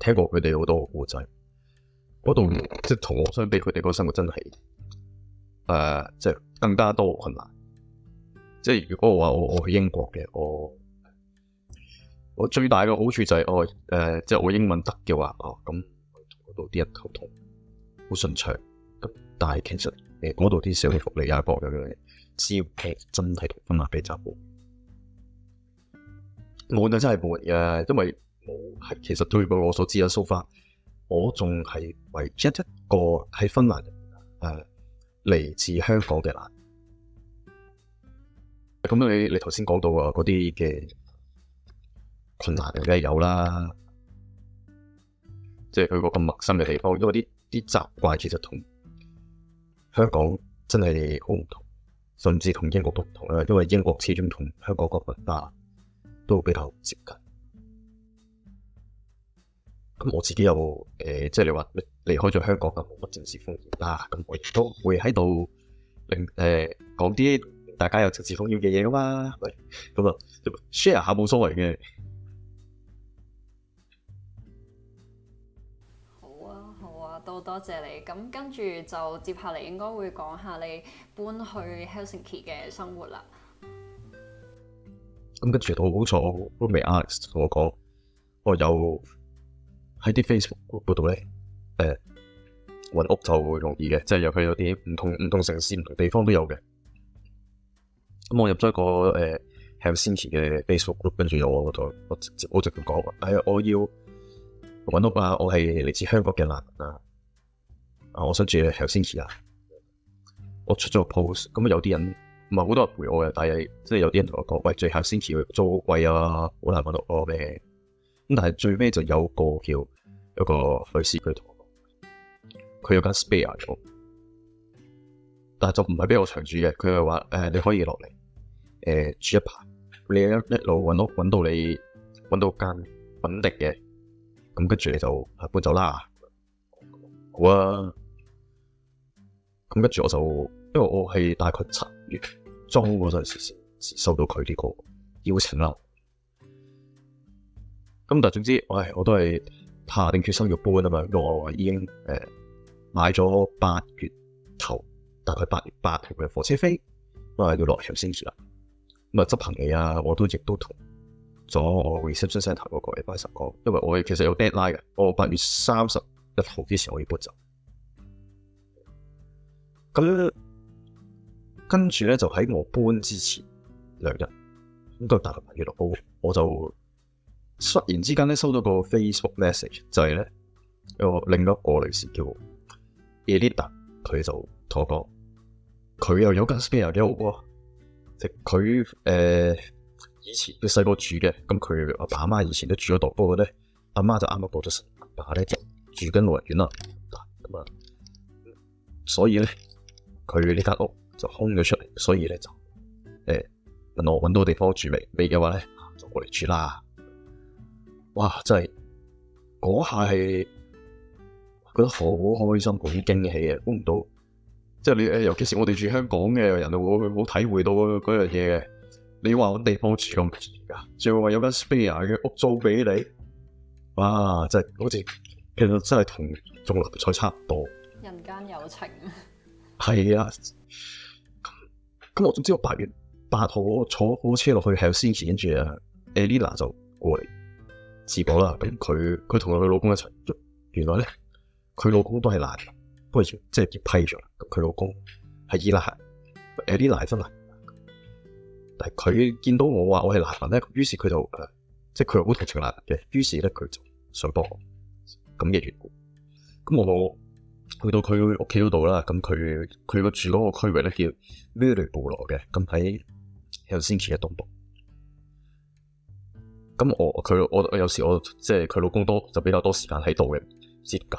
聽過佢哋好多個故仔，嗰度即係同我相比，佢哋嗰生活真係誒、呃，即係更加多困難。即係如果我話我我去英國嘅我，我最大嘅好處就係我誒，即係我英文得嘅話，哦咁同度啲人溝通。好順暢，但係其實誒嗰度啲小氣福利又係薄嘅，只劇奇真係同芬蘭比較好。我悶啊，真係悶嘅，因為我係其實對我所知嘅蘇芬，so、far, 我仲係唯一一個喺芬蘭誒嚟、啊、自香港嘅男。咁你你頭先講到啊嗰啲嘅困難梗係有啦，即係去嗰個咁陌生嘅地方，因為啲習慣其實同香港真係好唔同，甚至同英國都唔同啦。因為英國始終同香港個文化都比較接近。咁我自己又誒，即、呃、係、就是、你話咩？離開咗香港嘅冇乜政治風險啊，咁我亦都會喺度令誒講啲大家有政治風險嘅嘢噶嘛，咁啊 share 下冇所謂嘅。多多謝你，咁跟住就接下嚟應該會講下你搬去 Helsinki 嘅生活啦。咁、嗯、跟住都好彩我都未 Alex 同我講，我有喺啲 Facebook group 度咧，誒、呃、揾屋就會容易嘅，即係尤其有啲唔同唔同城市唔同地方都有嘅。咁、嗯、我入咗一、那個誒、呃、Helsinki 嘅 Facebook group，跟住有我我就我直接講，係啊、哎，我要揾屋啊，我係嚟自香港嘅難民啊。啊！我想住喺 Helsinki 啊！我出咗 post，咁有啲人唔係好多人陪我嘅，但係即係有啲人同我講，喂，最後 Helsinki 租好貴啊，好難搵到屋咩？咁但係最尾就有一個叫有個女士，佢同我講，佢有間 spare 房，但係就唔係俾我長住嘅。佢係話你可以落嚟，誒住一排，你一路搵到，到你搵到間穩定嘅，咁跟住你就搬走啦。好啊！咁跟住我就，因為我係大概七月中嗰陣時先收到佢呢個邀請啦。咁總之，喂，我都係下定決心要搬啊嘛。因為我已經誒買咗八月頭，大概八月八號嘅火車飛，咁啊要下來台先住啦。咁啊執行李啊，我都亦都同咗我 reception center 嗰個 reception 講，因為我其實有 deadline 嘅，我八月三十一號之前可以搬走。咁跟住咧，就喺我搬之前兩日，應該大概八月六號，我就忽然之間咧收到個 Facebook message，就係咧有個另一個女士叫 e d i t t a 佢就同我講，佢又有間 spare 屋又有喎，即佢誒以前佢細個住嘅。咁佢阿爸阿媽以前都住咗度，不過咧阿媽就啱啱過咗身，爸咧就住緊老人院啦，咁啊，所以咧。佢呢間屋就空咗出嚟，所以咧，就誒、欸、問我搵到地方住未？未嘅話咧就過嚟住啦。哇！真係嗰下係覺得好開心、好驚喜啊！估唔到，即係你誒，尤其是我哋住香港嘅人，我哋會冇體會到嗰嗰樣嘢嘅。你話搵地方住咁易噶？仲話有間 spare 嘅屋租俾你。哇！真係，好似其實真係同種林菜差唔多。人間有情。係啊，咁我總之我八月八號坐火車落去，係有先前跟住啊，ellina 就過嚟治我啦。咁佢佢同佢老公一齊，原來咧佢老公都係難民，不過即係被批咗。咁佢老公係伊拉克，ellina 係真難。但係佢見到我話我係難民咧，於是佢就誒，即係佢又好同情難嘅。於是咧佢就想幫我，我，咁嘅緣故。咁我我。去到佢屋企嗰度啦，咁佢佢個住嗰個區域咧叫 Muli 部落嘅，咁喺 Helsinki 嘅東部。咁我佢我有時我即係佢老公多就比較多時間喺度嘅，接界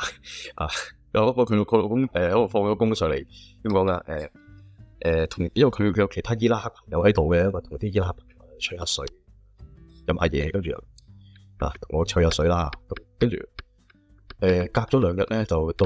啊。有一個佢佢老公誒、呃，我放咗工上嚟點講噶？誒誒、同、呃呃、因為佢佢有其他伊拉克朋友喺度嘅，同啲伊拉克朋友吹下水，飲下嘢，跟住又啊，我吹下水啦。咁跟住誒，隔咗兩日咧就到。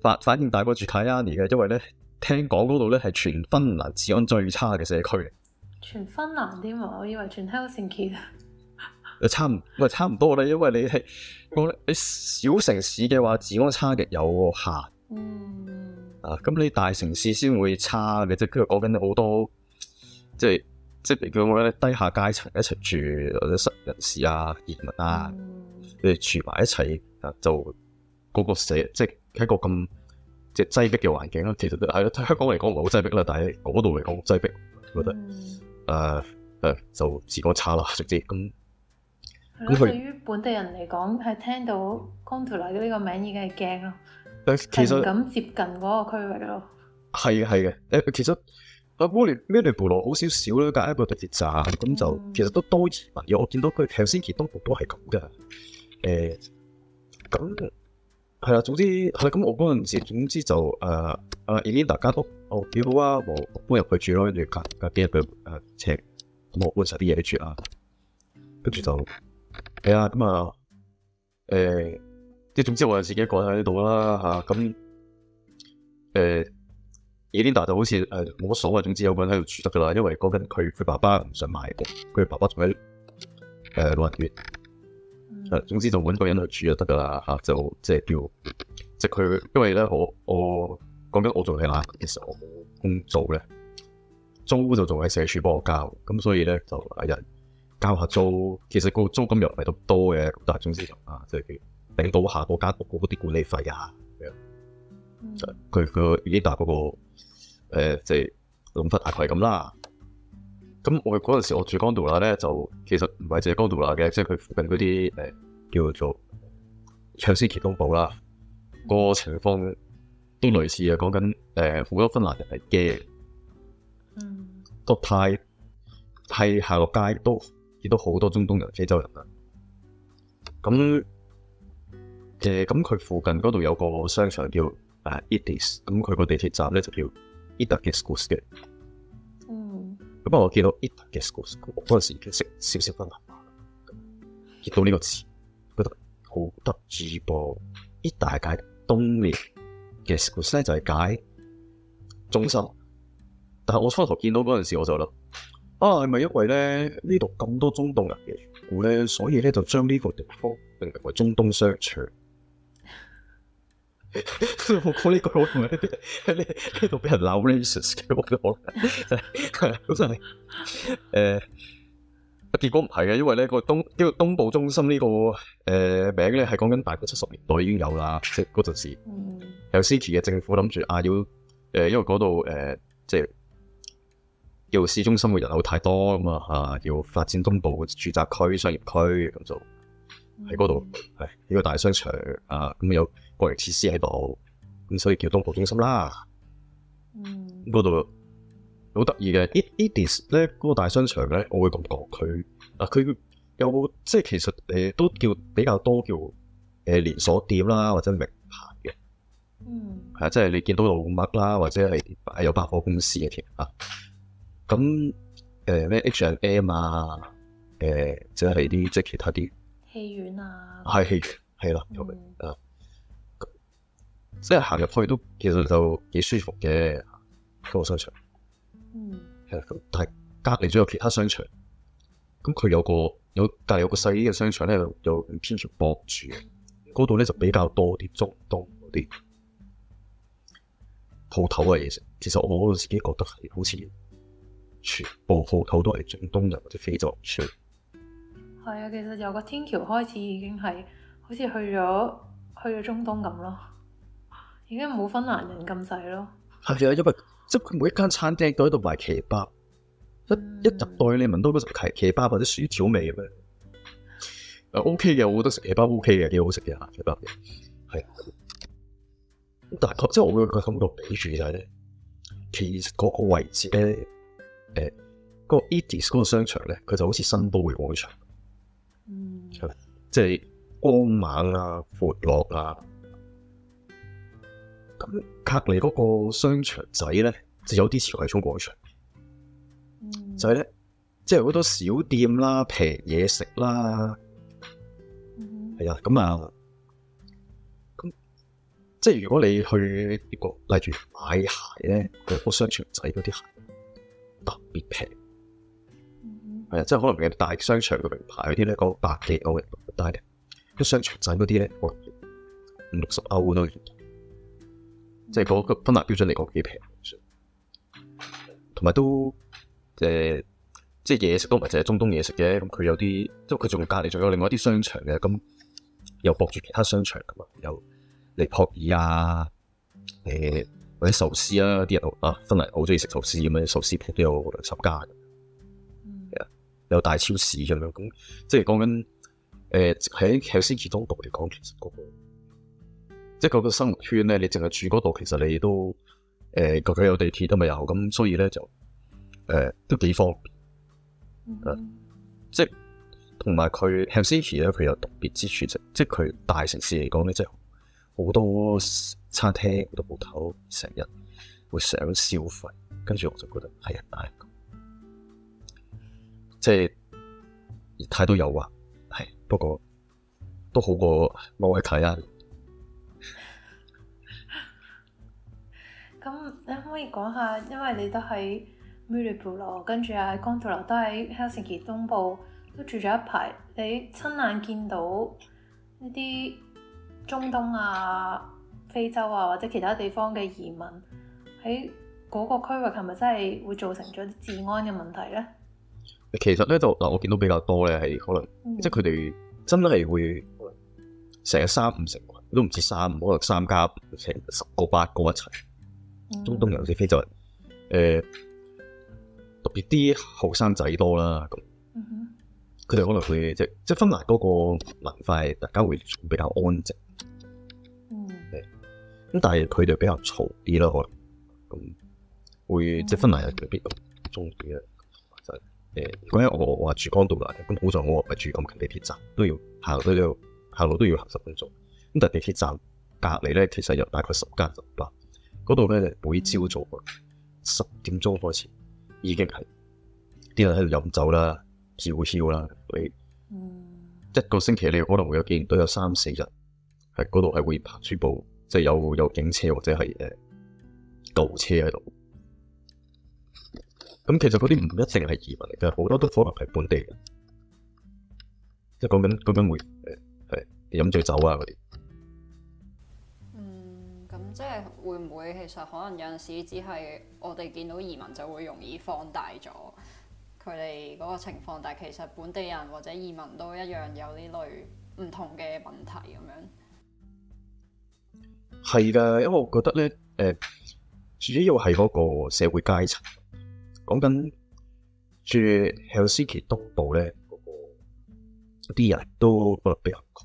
反反應大過住 Kajaani 嘅，因為咧聽講嗰度咧係全芬蘭治安最差嘅社區。全芬蘭添啊！我以為全 Helsinki 啊。誒差唔唔係差唔多啦，因為你係我你小城市嘅話，治安差嘅有限啊。嗯。啊，咁你大城市先會差嘅，即係我講緊好多，即係即係叫咩咧？低下階層一齊住或者失業人士啊、移民啊，誒、嗯、住埋一齊啊，就嗰個社即喺個咁即係擠逼嘅環境啦，其實係咯，香港嚟講唔係好擠逼啦，但係嗰度嚟講擠迫，擠迫我覺得誒誒、嗯 uh, uh, 就時光差啦，直接咁。咁對、嗯、他於本地人嚟講，係聽到 Kontula 嘅呢個名已經係驚咯，係唔實敢接近嗰個區域咯。係嘅係嘅，誒其實阿威廉梅利部落好少少啦，隔一個地鐵站咁就、嗯、其實都多元嘅，我見到佢頭先其東部都係咁㗎，誒、呃、咁。係啦，總之係咁，我嗰陣時，總之就誒誒，伊蓮達家屋，哦幾好啊，我搬入去住咯、呃，跟住隔加邊入個誒車，我搬晒啲嘢住啊。跟住就係啊，咁啊誒，即、嗯、係總之我自己一個人喺呢度啦吓，咁誒伊蓮達就好似誒冇乜所謂，總之有個人喺度住得噶啦，因為嗰陣佢佢爸爸唔想賣，佢爸爸仲喺誒、呃、老人院。誒，嗯、總之就穩一個人去住就得噶啦吓，就即係叫即係佢，因為咧我我講緊我，我做嘢啦，其實我冇工做咧，租就做喺社署幫我交，咁所以咧就人一人交下租，其實個租金又唔係咁多嘅，但係總之就、就是、個的啊，即係頂到下個家嗰嗰啲管理費啊，咁樣，佢佢已經達嗰、那個誒，即係總忽大概係咁啦。咁我嗰陣時我住 Kontula 咧，就其實唔係淨係 Kontula 嘅，即係佢附近嗰啲誒叫做 Helsinki 東部啦。個情況都類似啊，講緊誒好多芬蘭人係驚，個太係下落街都見到好多中東人、非洲人啊。咁誒咁佢附近嗰度有個商場叫啊 Itis，咁佢個地鐵站咧就叫 Itäkeskus 嘅。咁啊！我見到 It's 伊 a 嘅故事，我嗰陣時已經識少少分拉伯啦。到呢個詞覺得好得意噃。伊塔解東面嘅 e 事呢就係解中心。但我初頭見到嗰陣時，我就諗：啊，係咪因為咧呢度咁多中東人嘅緣故呢？所以呢，就將呢個地方定為中東商場？ 我冇呢個諗法，你你同邊個聊呢件事嘅？我冇。得好正。誒，啊，結果唔係嘅，因為咧個東，呢個東部中心呢個誒名咧係講緊大概七十年代已經有啦，即係嗰陣時。有 Helsinki 嘅政府諗住啊，要誒，因為嗰度誒，即係要市中心嘅人口太多咁啊，要發展東部住宅區、商業區咁就喺嗰度，係呢個大商場啊，咁有。各樣設施喺度，咁所以叫東部中心啦。嗯，嗰度好得意嘅，的 I, I 呢，呢啲咧，嗰個大商場咧，我會咁講佢啊，佢有冇？即係其實誒都叫比較多叫誒連鎖店啦，或者名牌嘅。嗯，係啊，即係你見到老麥啦，或者係有百貨公司嘅添啊。咁誒咩 H&M 啊，誒、呃就是，即係啲即係其他啲戲院啊，係係啦，有、嗯、啊。即係行入去都其實就幾舒服嘅嗰個商場，嗯是，係但係隔籬咗有其他商場，咁佢有個有隔籬有個細啲嘅商場咧，又偏住博住，嗰度咧就比較多啲中東嗰啲鋪頭嘅嘢食。其實我自己覺得係好似全部鋪頭都係中東人或者非洲嚟。係啊，其實由個天橋開始已經係好似去咗去咗中東咁咯。而家冇芬蘭人咁細咯，係啊，因為即係佢每一間餐廳都喺度賣 kebab，一、嗯、一入到去，你聞到嗰集 kebab kebab 或者薯條味噉樣。OK 嘅，我覺得食 kebab OK 嘅，幾好食嘅吓，kebab 嘅係。但係即係我會覺得好多比秘處就係、是，其實嗰個位置咧，誒、呃，嗰、呃那個 Itis 嗰個商場咧，佢就好似新都會廣場，嗯，是是即係光猛啊，闊落啊。咁隔籬嗰個商場仔咧，就有啲似係冲廣場，嗯、就係咧，即係好多小店啦，平嘢食啦，係、嗯、啊，咁啊，咁即係如果你去呢個，例如買鞋咧，嗰、那個商場仔嗰啲鞋特別平，係、嗯、啊，即係可能大商場嘅名牌嗰啲咧，嗰百幾歐嘅，但係啲商場仔嗰啲咧，我五六十歐都。即係嗰個芬蘭標準嚟講幾平，同埋都誒，即係嘢食都唔係淨係中東嘢食嘅，咁佢有啲，即係佢仲隔離，仲有另外一啲商場嘅，咁又駁住其他商場嘛，又尼泊爾啊，誒、呃、或者壽司啊啲人啊，真係好中意食壽司咁樣，壽司鋪都有十間，係啊、嗯，有大超市咁樣，咁即係講緊誒喺喺先其中度嚟講其實嗰個。即係佢、嗰個生活圈咧，你淨係住嗰度，其實你都誒，個、呃、有地鐵都未有，咁所以咧就誒、呃、都幾方便。誒、mm hmm. 啊，即係同埋佢，Helsinki 咧，佢有特別之處，即係即佢大城市嚟講咧，即係好多餐廳、好多鋪頭，成日會成日都消費，跟住我就覺得係一、哎、大個，即係太多誘惑係，不過都好過冇位睇啊。咁你可唔可以講下？因為你都喺 Myllypuro 跟住啊喺 Kontula，都喺 Helsinki 東部都住咗一排。你親眼見到呢啲中東啊、非洲啊或者其他地方嘅移民喺嗰個區域係咪真係會造成咗啲治安嘅問題咧？其實咧就嗱，我見到比較多咧係可能、嗯、即係佢哋真係會成日三五成群，都唔知三五，可能三加成十個八個一齊。中東人或者非洲人，誒，特別啲後生仔多啦，咁，佢哋可能會即即係芬蘭嗰個文化大家會比較安靜，嗯，咁但係佢哋比較嘈啲啦。可能咁，會即係芬蘭人比較中意。咧，就誒，如果我我住 Kontula，咁好在我唔係住咁近地鐵站，都要行都要行路都要行十分鐘，咁但係地鐵站隔籬咧，其實有大概十間酒吧。嗰度咧，就每朝早十點鐘開始，已經係啲人喺度飲酒啦，叫囂啦，你、嗯、一個星期你可能會有見到有三四日，喺嗰度係會拍出部即係有有警車或者係誒救護車喺度。咁其實嗰啲唔一定係移民嚟嘅，好多都可能係本地人，即係講緊講緊會誒係飲醉酒啊嗰啲。嗯，咁即係。唔會，其實可能有陣時只係我哋見到移民就會容易放大咗佢哋嗰個情況，但係其實本地人或者移民都一樣有呢類唔同嘅問題咁樣。係噶，因為我覺得咧，誒主要係嗰個社會階層，講緊住向西歧踱 y 咧，嗰個一啲人都可得比較窮。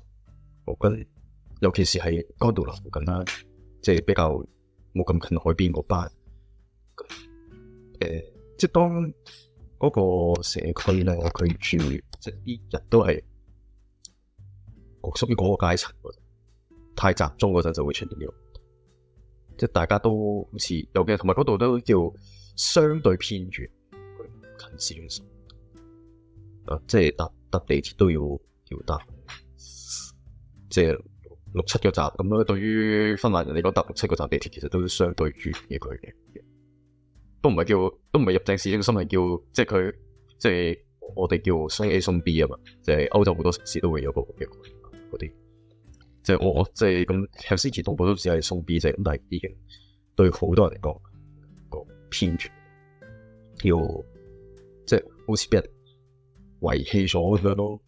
我覺得尤其是喺高度南附近啦，即、就、係、是、比較。冇咁近海邊嗰班，誒、呃，即係當嗰個社區咧，佢住即係啲人都係屬於嗰個階層，太集中嗰陣就會出現呢個，即係大家都好似，尤其係同埋嗰度都叫相對偏遠，佢唔近市中心，啊，即係搭搭地鐵都要要搭，即係，六七個站咁咯，對於芬蘭人嚟講搭六七個站地鐵其實都是相對於遠嘅距離嘅，都唔係叫，都唔係入正市中心係叫，即係佢，即係我哋叫送 A 送 B 啊嘛，即係歐洲好多城市都會有嗰、嗰個嘅嗰啲，即係我即係咁，Helsinki 同步都只係送 B，就咁，但係已經對好多人嚟講，個偏僻叫，即係好似俾人遺棄咗咁樣咯。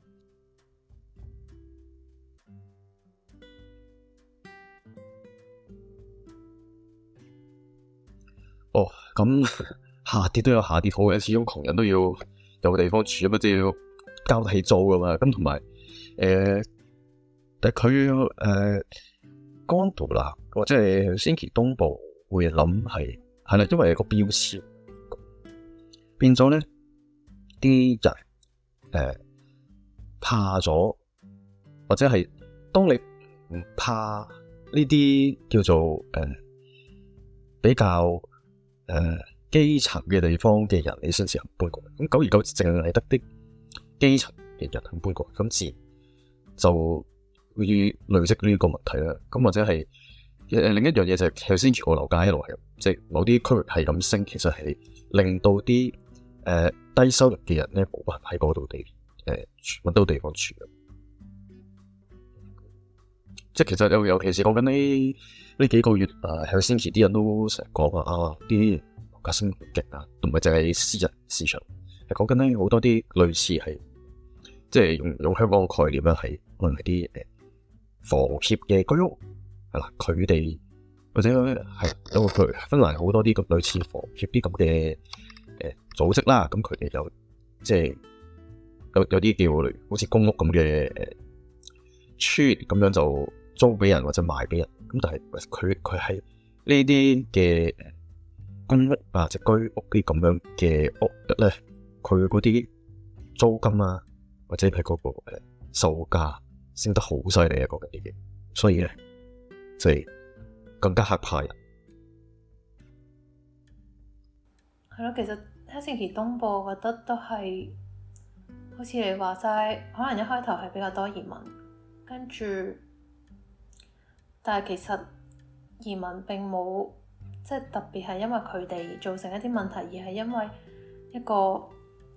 哦，咁下跌都有下跌好嘅，始終窮人都要有地方住啊嘛，即係要交得起租噶嘛。咁同埋誒，但係佢誒，江、呃、島或者係新界東部會諗係係啦，因為個標籤變咗咧，啲人誒、呃、怕咗，或者係當你唔怕呢啲叫做誒、呃、比較。誒、呃，基層嘅地方嘅人，你先至肯搬過嚟。咁久而久之，淨係得啲基層嘅人肯搬過嚟。咁自然就會累積呢個問題啦。咁或者係誒、呃，另一樣嘢就係頭先，個樓價一路係，即、就、係、是、某啲區域係咁升，其實係令到啲誒、呃、低收入嘅人咧，冇辦法喺嗰度地誒揾、呃、到地方住嘅。即係其實又尤其是講緊啲。呢幾個月，誒向先前啲人都成日講啊，啲價升勁啊，同埋淨係私人市場，係講緊咧好多啲類似係，即係用用香港嘅概念啦，係可能係啲誒房協嘅居屋係啦，佢哋或者係因為佢芬蘭好多啲咁類似房協啲咁嘅誒組織啦，咁佢哋就即係有有啲叫類好似公屋咁嘅村咁樣就租俾人或者賣俾人。咁但係佢佢係呢啲嘅公屋啊，即居屋啲咁樣嘅屋咧，佢嗰啲租金啊，或者係嗰個誒售價升得好犀利啊，嗰邊啲嘢，所以咧就更加吓怕人。係咯，其實喺星期東部，我覺得都係好似你話齋，可能一開頭係比較多移民，跟住。但係其實移民並冇即係特別係因為佢哋造成一啲問題，而係因為一個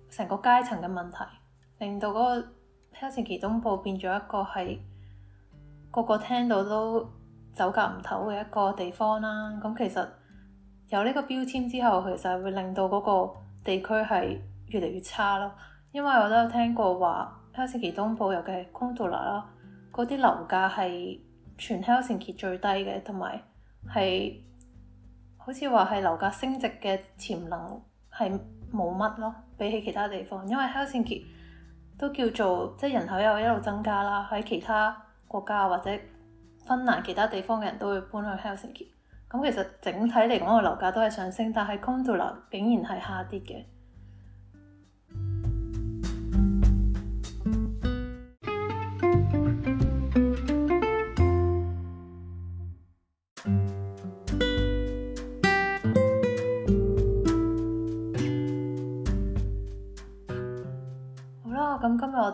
成個階層嘅問題，令到嗰個 Helsinki 東部變咗一個係個個聽到都走夾唔唞嘅一個地方啦。咁其實有呢個標籤之後，其實會令到嗰個地區係越嚟越差咯。因為我都有聽過話 Helsinki 東部，尤其 Kontula 啦，嗰啲樓價係，全 Helsinki 最低嘅。同埋係好似話係樓價升值嘅潛能係冇乜咯。比起其他地方，因為 Helsinki 都叫做即係人口又一路增加啦，喺其他國家或者芬蘭其他地方嘅人都會搬去 Helsinki，咁其實整體嚟講個樓價都係上升，但係 Kontula 竟然係下跌嘅。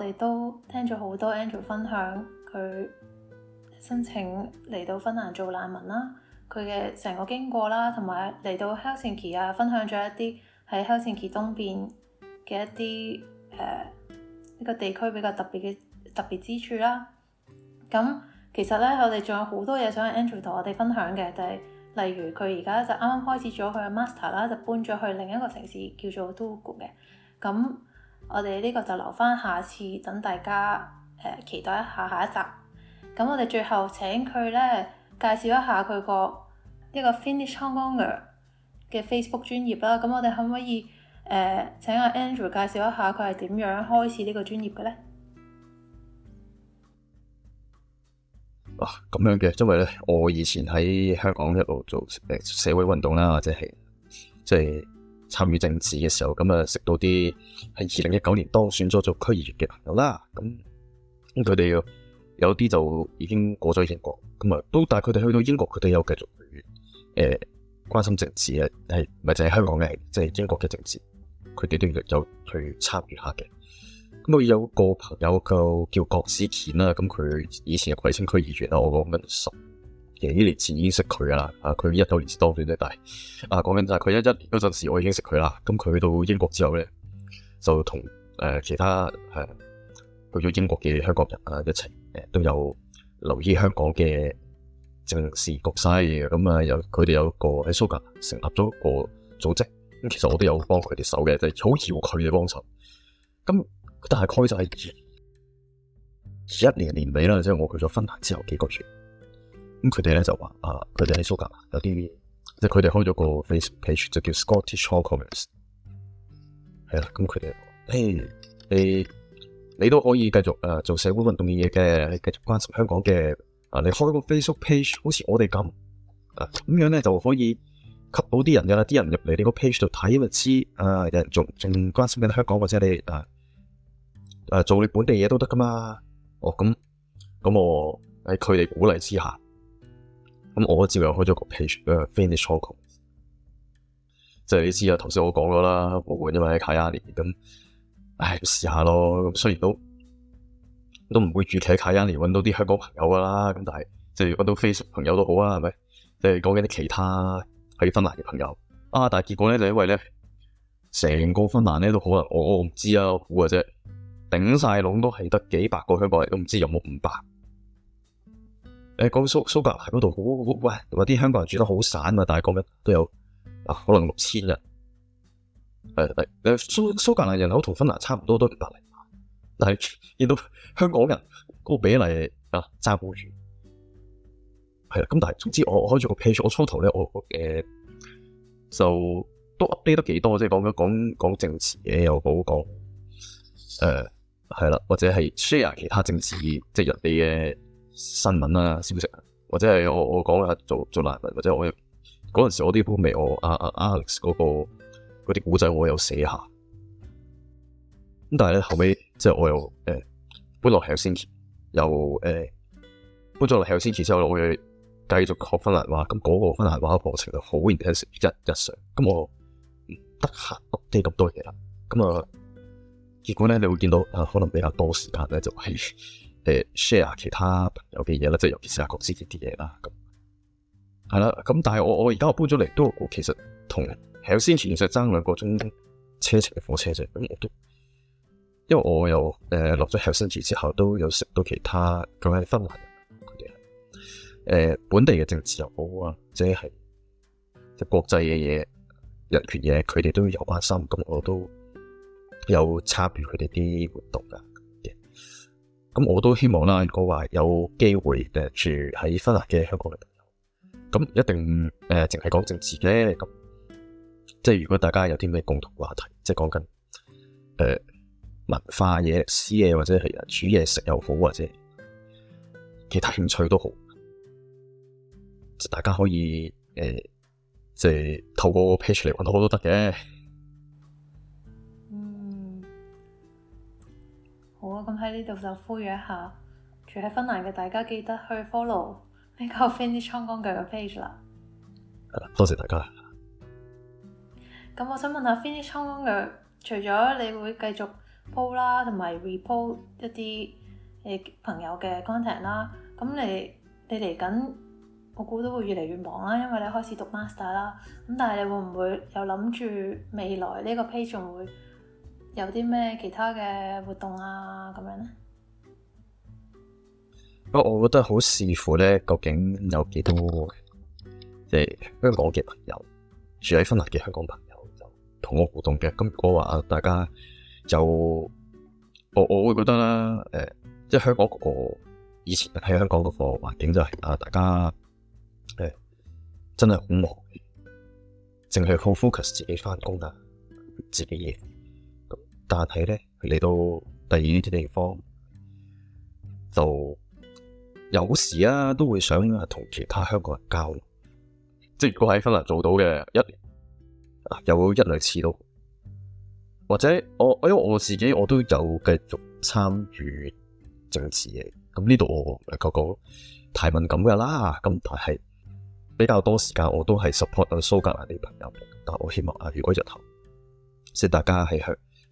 我哋都聽咗好多 Andrew 分享佢申請嚟到芬蘭做難民啦，佢嘅成個經過啦，同埋嚟到 Helsinki 分享咗一啲喺 Helsinki 東邊嘅一啲誒呢個地區比較特別嘅特別之處啦。咁其實咧，我哋仲有好多嘢想 Andrew 同我哋分享嘅，就係、是、例如佢而家就啱啱開始咗佢嘅 master 啦，就搬咗去另一個城市叫做 Turku 嘅。咁我哋呢個就留翻下，下次等大家、呃、期待一下下一集。咁我哋最後請佢呢介紹一下佢個呢個 Finnish Hongkongers 嘅 Facebook 專頁啦。咁我哋可唔可以誒、呃、請阿、啊、Andrew 介紹一下佢係點樣開始呢個專頁嘅呢？啊，咁樣嘅，因為呢，我以前喺香港一路做社會運動啦，或者係即係。就是參與政治嘅時候，咁啊識到啲係二零一九年當選咗做區議員嘅朋友啦。咁咁佢哋有啲就已經過咗英國，咁啊都，但佢哋去到英國，佢哋有繼續去誒、欸、關心政治嘅，係咪係就係香港嘅，即、就、係、是、英國嘅政治，佢哋都有去參與下嘅。咁我有一個朋友叫叫郭子健啦，咁佢以前係葵青區議員啊，我講緊。幾年前已經識佢㗎啦，啊佢一九年時當選啫，但係啊講緊就係佢一一年嗰陣時，我已經識佢啦。咁佢去到英國之後咧，就同誒、呃、其他誒去咗英國嘅香港人啊一齊誒、呃、都有留意香港嘅政治局勢嘅咁啊。有佢哋有個喺蘇格蘭成立咗一個組織，咁其實我都有幫佢哋手嘅，就好似佢嘅幫手。咁大概就係二一年年尾啦，即係我去咗芬蘭之後幾個月。咁佢哋咧就話啊，佢哋喺蘇格蘭有啲，即係佢哋開咗個 Facebook page，就叫 Scottish Hongkongers，係啦，咁佢哋誒，你你都可以繼續誒、啊、做社會運動嘅嘢嘅，你繼續關心香港嘅啊，你開個 Facebook page，好似我哋咁啊，咁樣咧就可以吸到啲人嘅啦，啲人入嚟你個 page 度睇咪知啊，人仲仲關心緊香港或者你啊啊做你本地嘢都得噶嘛。哦、啊，咁咁我喺佢哋鼓勵之下。咁、嗯、我接又開咗個 page，誒 Finnish Hongkongers 就係你知啊，頭先我講咗啦，我換因為喺卡雅尼，咁，唉，試下咯。咁雖然都都唔會遇喺卡雅尼揾到啲香港朋友噶啦，咁但係，即係揾到 Facebook 朋友都好啊，係咪？即係講緊啲其他喺芬蘭嘅朋友啊，但係結果咧就因為咧，成個芬蘭咧都可能我我唔知啊，估下啫，頂晒籠都係得幾百個香港人，都唔知有冇五百。誒講、欸那個、蘇蘇格蘭嗰度好好喂，同埋啲香港人住得好散啊，但係講緊都有啊，可能六千人。係誒、啊、蘇蘇格蘭人口同芬蘭差唔多，都係百零萬，但係見到香港人個比例啊差好遠。係啦，咁但係總之我開咗個 page，我初頭咧我誒、欸、就都 update 得幾多，即係講緊講講政治嘅又好講誒係啦，或者係 share 其他政治即係、就是、人哋嘅。新聞啦、啊、消息，或者係我我講下做做漫畫，或者我嗰陣時我啲鋪未我阿阿、啊啊、Alex 嗰、那個啲古仔，我有寫下。咁但係咧後尾，即係我又誒、欸、搬落去 s 先 n 又誒、欸、搬咗落去 s i 之後，我又繼續學翻漫畫。咁嗰個翻漫畫嘅過程就好 i n t 日常。咁我、嗯、得閒唔理咁多嘢啦。咁啊、呃，結果咧你會見到啊，可能比較多時間咧就係、是。.誒，share 其他朋友嘅嘢啦，即係尤其是阿國之啲嘢啦，咁係啦，咁但係我我而家我搬咗嚟，都其實同 Helsinki 其實爭兩個鐘車程嘅火車啫，咁我都，因為我又誒落咗 Helsinki 之後，都有識到其他咁樣芬蘭人，佢哋係誒本地嘅政治又好啊，或者係即係國際嘅嘢、人權嘢，佢哋都有關心，咁我都有參與佢哋啲活動噶。咁我都希望啦，如果話有機會誒住喺芬蘭嘅香港嘅朋友，咁一定誒淨係講政治嘅，咁即係如果大家有啲咩共同話題，即係講緊誒文化嘢、歷史嘢或者係煮嘢食又好，或者其他興趣都好，大家可以誒即係透過個 page 嚟搵我都得嘅。喺呢度就呼籲一下，住喺芬蘭嘅大家記得去 follow 呢個 Finnish Hongkongers 嘅 page 啦。係啦，多謝大家。咁我想問下 Finnish Hongkongers，ur, 除咗你會繼續 po 啦，同埋 report 一啲誒朋友嘅 content 啦，咁你你嚟緊我估都會越嚟越忙啦，因為你開始讀 master 啦，咁但係你會唔會有諗住未來呢個 page 仲會？有啲咩其他嘅活動啊？咁樣呢，不過我覺得好視乎咧，究竟有幾多即係、就是、香港嘅朋友住喺芬蘭嘅香港朋友就同我互動嘅。咁如果話大家就我我會覺得啦，誒、欸，即、就、係、是、香港個以前喺香港嗰個環境就係、是、啊，大家誒、欸、真係好忙，淨係靠 focus 自己返工啊，自己嘢。但是呢，佢嚟到第二啲地方，就有時啊都會想同其他香港人交流。即如果喺芬蘭做到嘅一，有一兩次都，或者我，因為我自己我都有繼續參與政治嘅。咁呢度嚟講太敏感噶啦。咁但係比較多時間我都係 support 到蘇格蘭啲朋友。但我希望啊，如果日頭即大家喺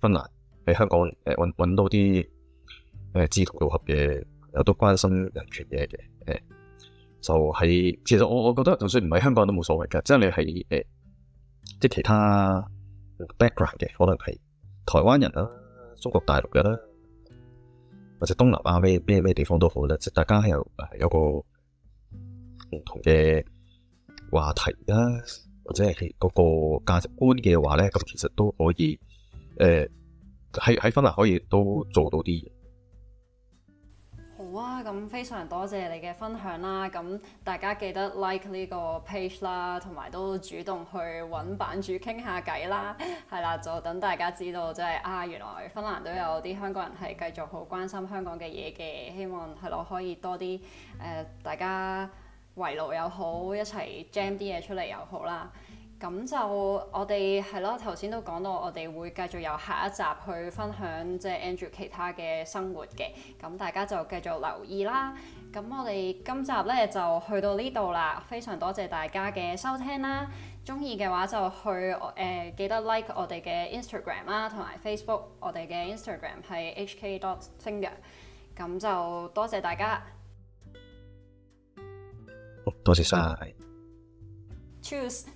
芬蘭喺香港揾，揾到啲誒志同道合嘅，又都關心人權的嘅就係、是、其實我覺覺得就算唔係香港人都冇所謂嘅，即係你係即係其他 background 嘅，可能係台灣人啦、中國大陸人啦，或者東南亞咩咩地方都好啦，即大家有有一個唔同嘅話題啦，或者係嗰個價值觀嘅話呢，咁其實都可以。誒喺喺芬蘭可以都做到啲嘢。好啊，咁非常多謝你嘅分享啦，咁大家記得 like 呢個 page 啦，同埋都主動去揾版主傾下偈啦，係啦，就等大家知道即係啊，原來芬蘭都有啲香港人係繼續好關心香港嘅嘢嘅，希望係咯可以多啲誒大家圍爐又好，一齊 jam 啲嘢出嚟又好啦。咁就我哋係咯，頭先都講到我哋會繼續由下一集去分享即係 Andrew 其他嘅生活嘅，咁大家就繼續留意啦。咁我哋今集咧就去到呢度啦，非常多謝大家嘅收聽啦。中意嘅話就去誒、呃、記得 like 我哋嘅 Instagram 啦，同埋 Facebook 我哋嘅 Instagram 係 hk.finger。咁就多謝大家。多謝晒、嗯。Choose。